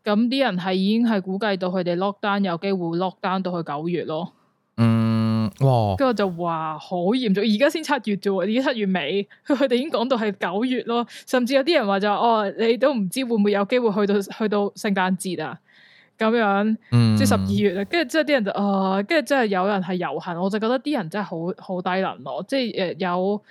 咁、就、啲、是啊啊啊啊、人係已經係估計到佢哋 lock down 有機會 lock down 到去九月咯。哇！跟住、哦、就話好嚴重，而家先七月啫，而家七月尾，佢哋已經講到係九月咯。甚至有啲人話就哦，你都唔知會唔會有機會去到去到聖誕節啊咁樣，即係十二月啊。跟住即係啲人、哦、就啊，跟住即係有人係遊行，我就覺得啲人真係好好低能咯。即係誒有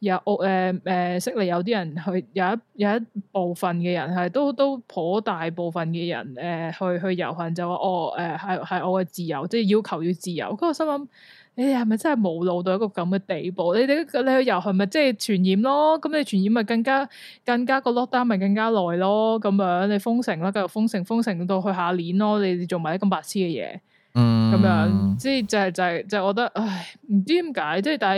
有誒誒、呃、識嚟有啲人去有一有一部分嘅人係都都頗大部分嘅人誒、呃、去去遊行就話哦誒係係我嘅自由，即係要求要自由。跟住我心諗。你哋係咪真係冇腦到一個咁嘅地步？你哋你去遊行咪即係傳染咯？咁你傳染咪更加更加、嗰個 lockdown 咪更加耐咯？咁樣你封城啦，繼續封城封城到去下年咯？你你做埋啲咁白痴嘅嘢，嗯，咁樣即係就係、是、就係、是、就係、是、我覺得唉，唔知點解即係但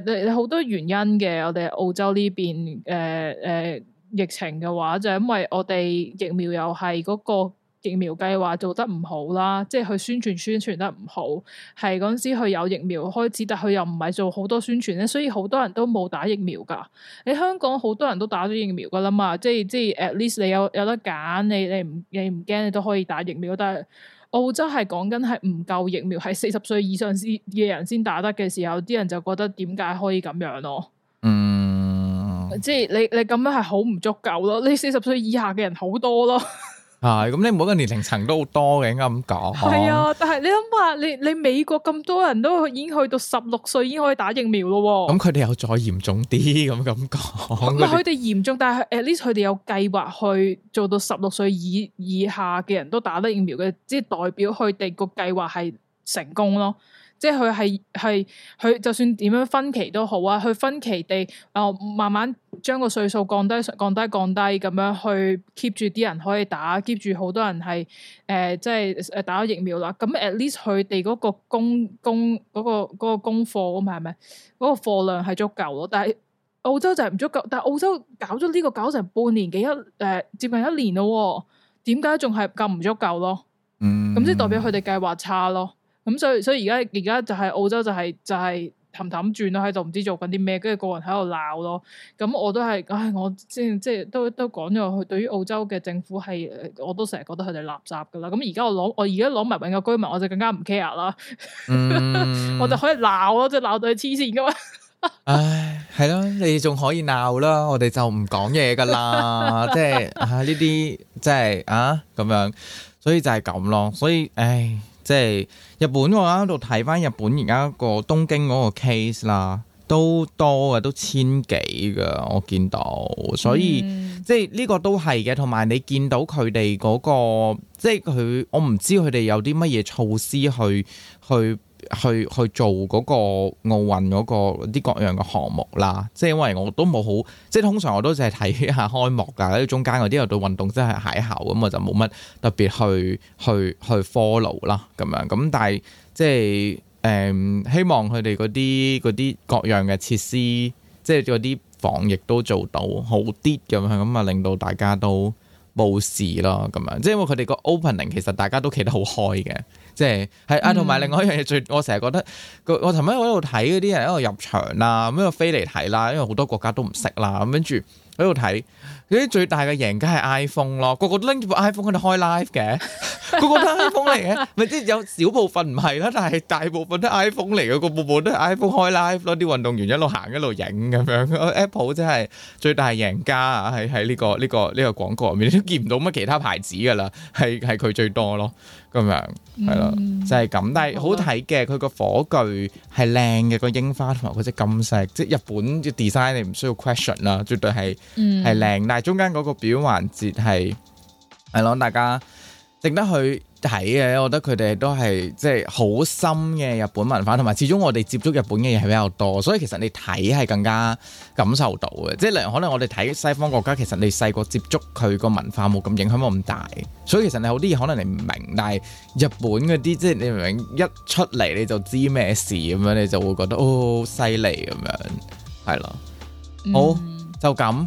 係誒，好、呃、多原因嘅，我哋澳洲呢邊誒誒疫情嘅話就係、是、因為我哋疫苗又係嗰個。疫苗計劃做得唔好啦，即係佢宣傳宣傳得唔好，係嗰陣時佢有疫苗開始，但佢又唔係做好多宣傳咧，所以好多人都冇打疫苗㗎。喺香港好多人都打咗疫苗㗎啦嘛，即係即係 at least 你有有得揀，你你唔你唔驚，你都可以打疫苗。但係澳洲係講緊係唔夠疫苗，係四十歲以上先嘅人先打得嘅時候，啲人就覺得點解可以咁樣咯？嗯，即係你你咁樣係好唔足夠咯？你四十歲以下嘅人好多咯。係，咁、啊、你每個年齡層都好多嘅，應該咁講。係啊，但係你諗下，你你美國咁多人都已經去到十六歲，已經可以打疫苗咯。咁佢哋又再嚴重啲咁咁講？佢哋嚴重，但係 at least 佢哋有計劃去做到十六歲以以下嘅人都打得疫苗嘅，即係代表佢哋個計劃係成功咯。即係佢係係佢就算點樣分期都好啊，佢分期地哦、呃，慢慢將個歲數降低、降低、降低咁樣去 keep 住啲人可以打，keep 住好多人係誒、呃，即係誒打咗疫苗啦。咁 at least 佢哋嗰個供供嗰個供貨咁係咪嗰個貨量係足夠咯？但係澳洲就係唔足夠，但係澳洲搞咗呢個搞成半年幾一誒接近一年咯，點解仲係夠唔足夠咯？嗯，咁即係代表佢哋計劃差咯。咁、嗯、所以所以而家而家就係澳洲就係、是、就係氹氹轉咯，喺度唔知做緊啲咩，跟住個人喺度鬧咯。咁、嗯、我都係，唉、哎，我即即都都講咗去，對於澳洲嘅政府係，我都成日覺得佢哋垃圾噶啦。咁而家我攞我而家攞埋永久居民，我就更加唔 care 啦。 我就可以鬧咯，即鬧到你黐線噶嘛。唉，係咯、 啊，你仲可以鬧啦，我哋就唔講嘢噶啦，即係呢啲，即係啊咁、就是啊、樣，所以就係咁咯。所以唉。即係日本我啱啱喺度睇翻日本而家個東京嗰個 case 啦，都多嘅，都千幾噶，我見到，所以、嗯、即係呢個都係嘅，同埋你見到佢哋嗰個，即係佢，我唔知佢哋有啲乜嘢措施去去。去去做嗰個奧運嗰個啲各樣嘅項目啦，即係因為我都冇好，即係通常我都淨係睇下開幕㗎，喺中間嗰啲又對運動真係邂逅咁，我就冇乜特別去去去 follow 啦咁樣。咁但係即係誒、嗯，希望佢哋嗰啲嗰啲各樣嘅設施，即係嗰啲防疫都做到好啲咁樣，咁啊令到大家都冇事咯咁樣。即係因為佢哋個 opening 其實大家都企得好開嘅。即係係啊，同埋另外一樣嘢、嗯、最，我成日覺得個我頭先喺度睇嗰啲人喺度入場啦，咁喺度飛嚟睇啦，因為好多國家都唔識啦，咁跟住喺度睇。嗰啲最大嘅贏家係 iPhone 咯，個個都拎住部 iPhone 喺度開 live 嘅，個個都 iPhone 嚟嘅，咪即係有少部分唔係啦，但係大部分都 iPhone 嚟嘅，個個部都 iPhone 開 live 咯，啲運動員一路行一路影咁樣，Apple 即係最大贏家啊！喺喺呢個呢個呢個廣告入面，你都見唔到乜其他牌子噶啦，係係佢最多咯，咁樣係啦，就係咁。但係好睇嘅，佢個火炬係靚嘅，個櫻花同埋嗰隻金色，即係日本嘅 design 你唔需要 question 啦，絕對係係靚，但係。中間嗰個表環節係係咯，大家值得去睇嘅。我覺得佢哋都係即係好深嘅日本文化，同埋始終我哋接觸日本嘅嘢係比較多，所以其實你睇係更加感受到嘅。即係例如可能我哋睇西方國家，其實你細個接觸佢個文化冇咁影響咁大，所以其實你好啲嘢可能你唔明，但係日本嗰啲即係你明明一出嚟你就知咩事咁樣，你就會覺得哦，犀利咁樣，係咯。好、嗯、就咁。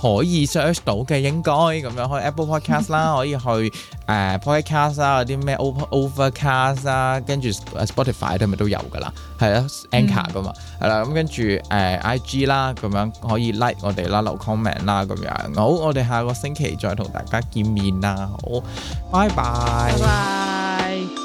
可以 search 到嘅應該咁樣，可以 Apple Podcast 啦， 可以去誒、呃、Podcast 啦、啊，嗰啲咩 Overcast 啦、啊，跟住 Spotify 都係咪都有噶啦？係啦、啊、，Anchor 噶嘛，係啦、嗯，咁、嗯、跟住誒、呃、IG 啦，咁樣可以 like 我哋啦，留 comment 啦，咁樣。好，我哋下個星期再同大家見面啦，好，拜拜。Bye bye。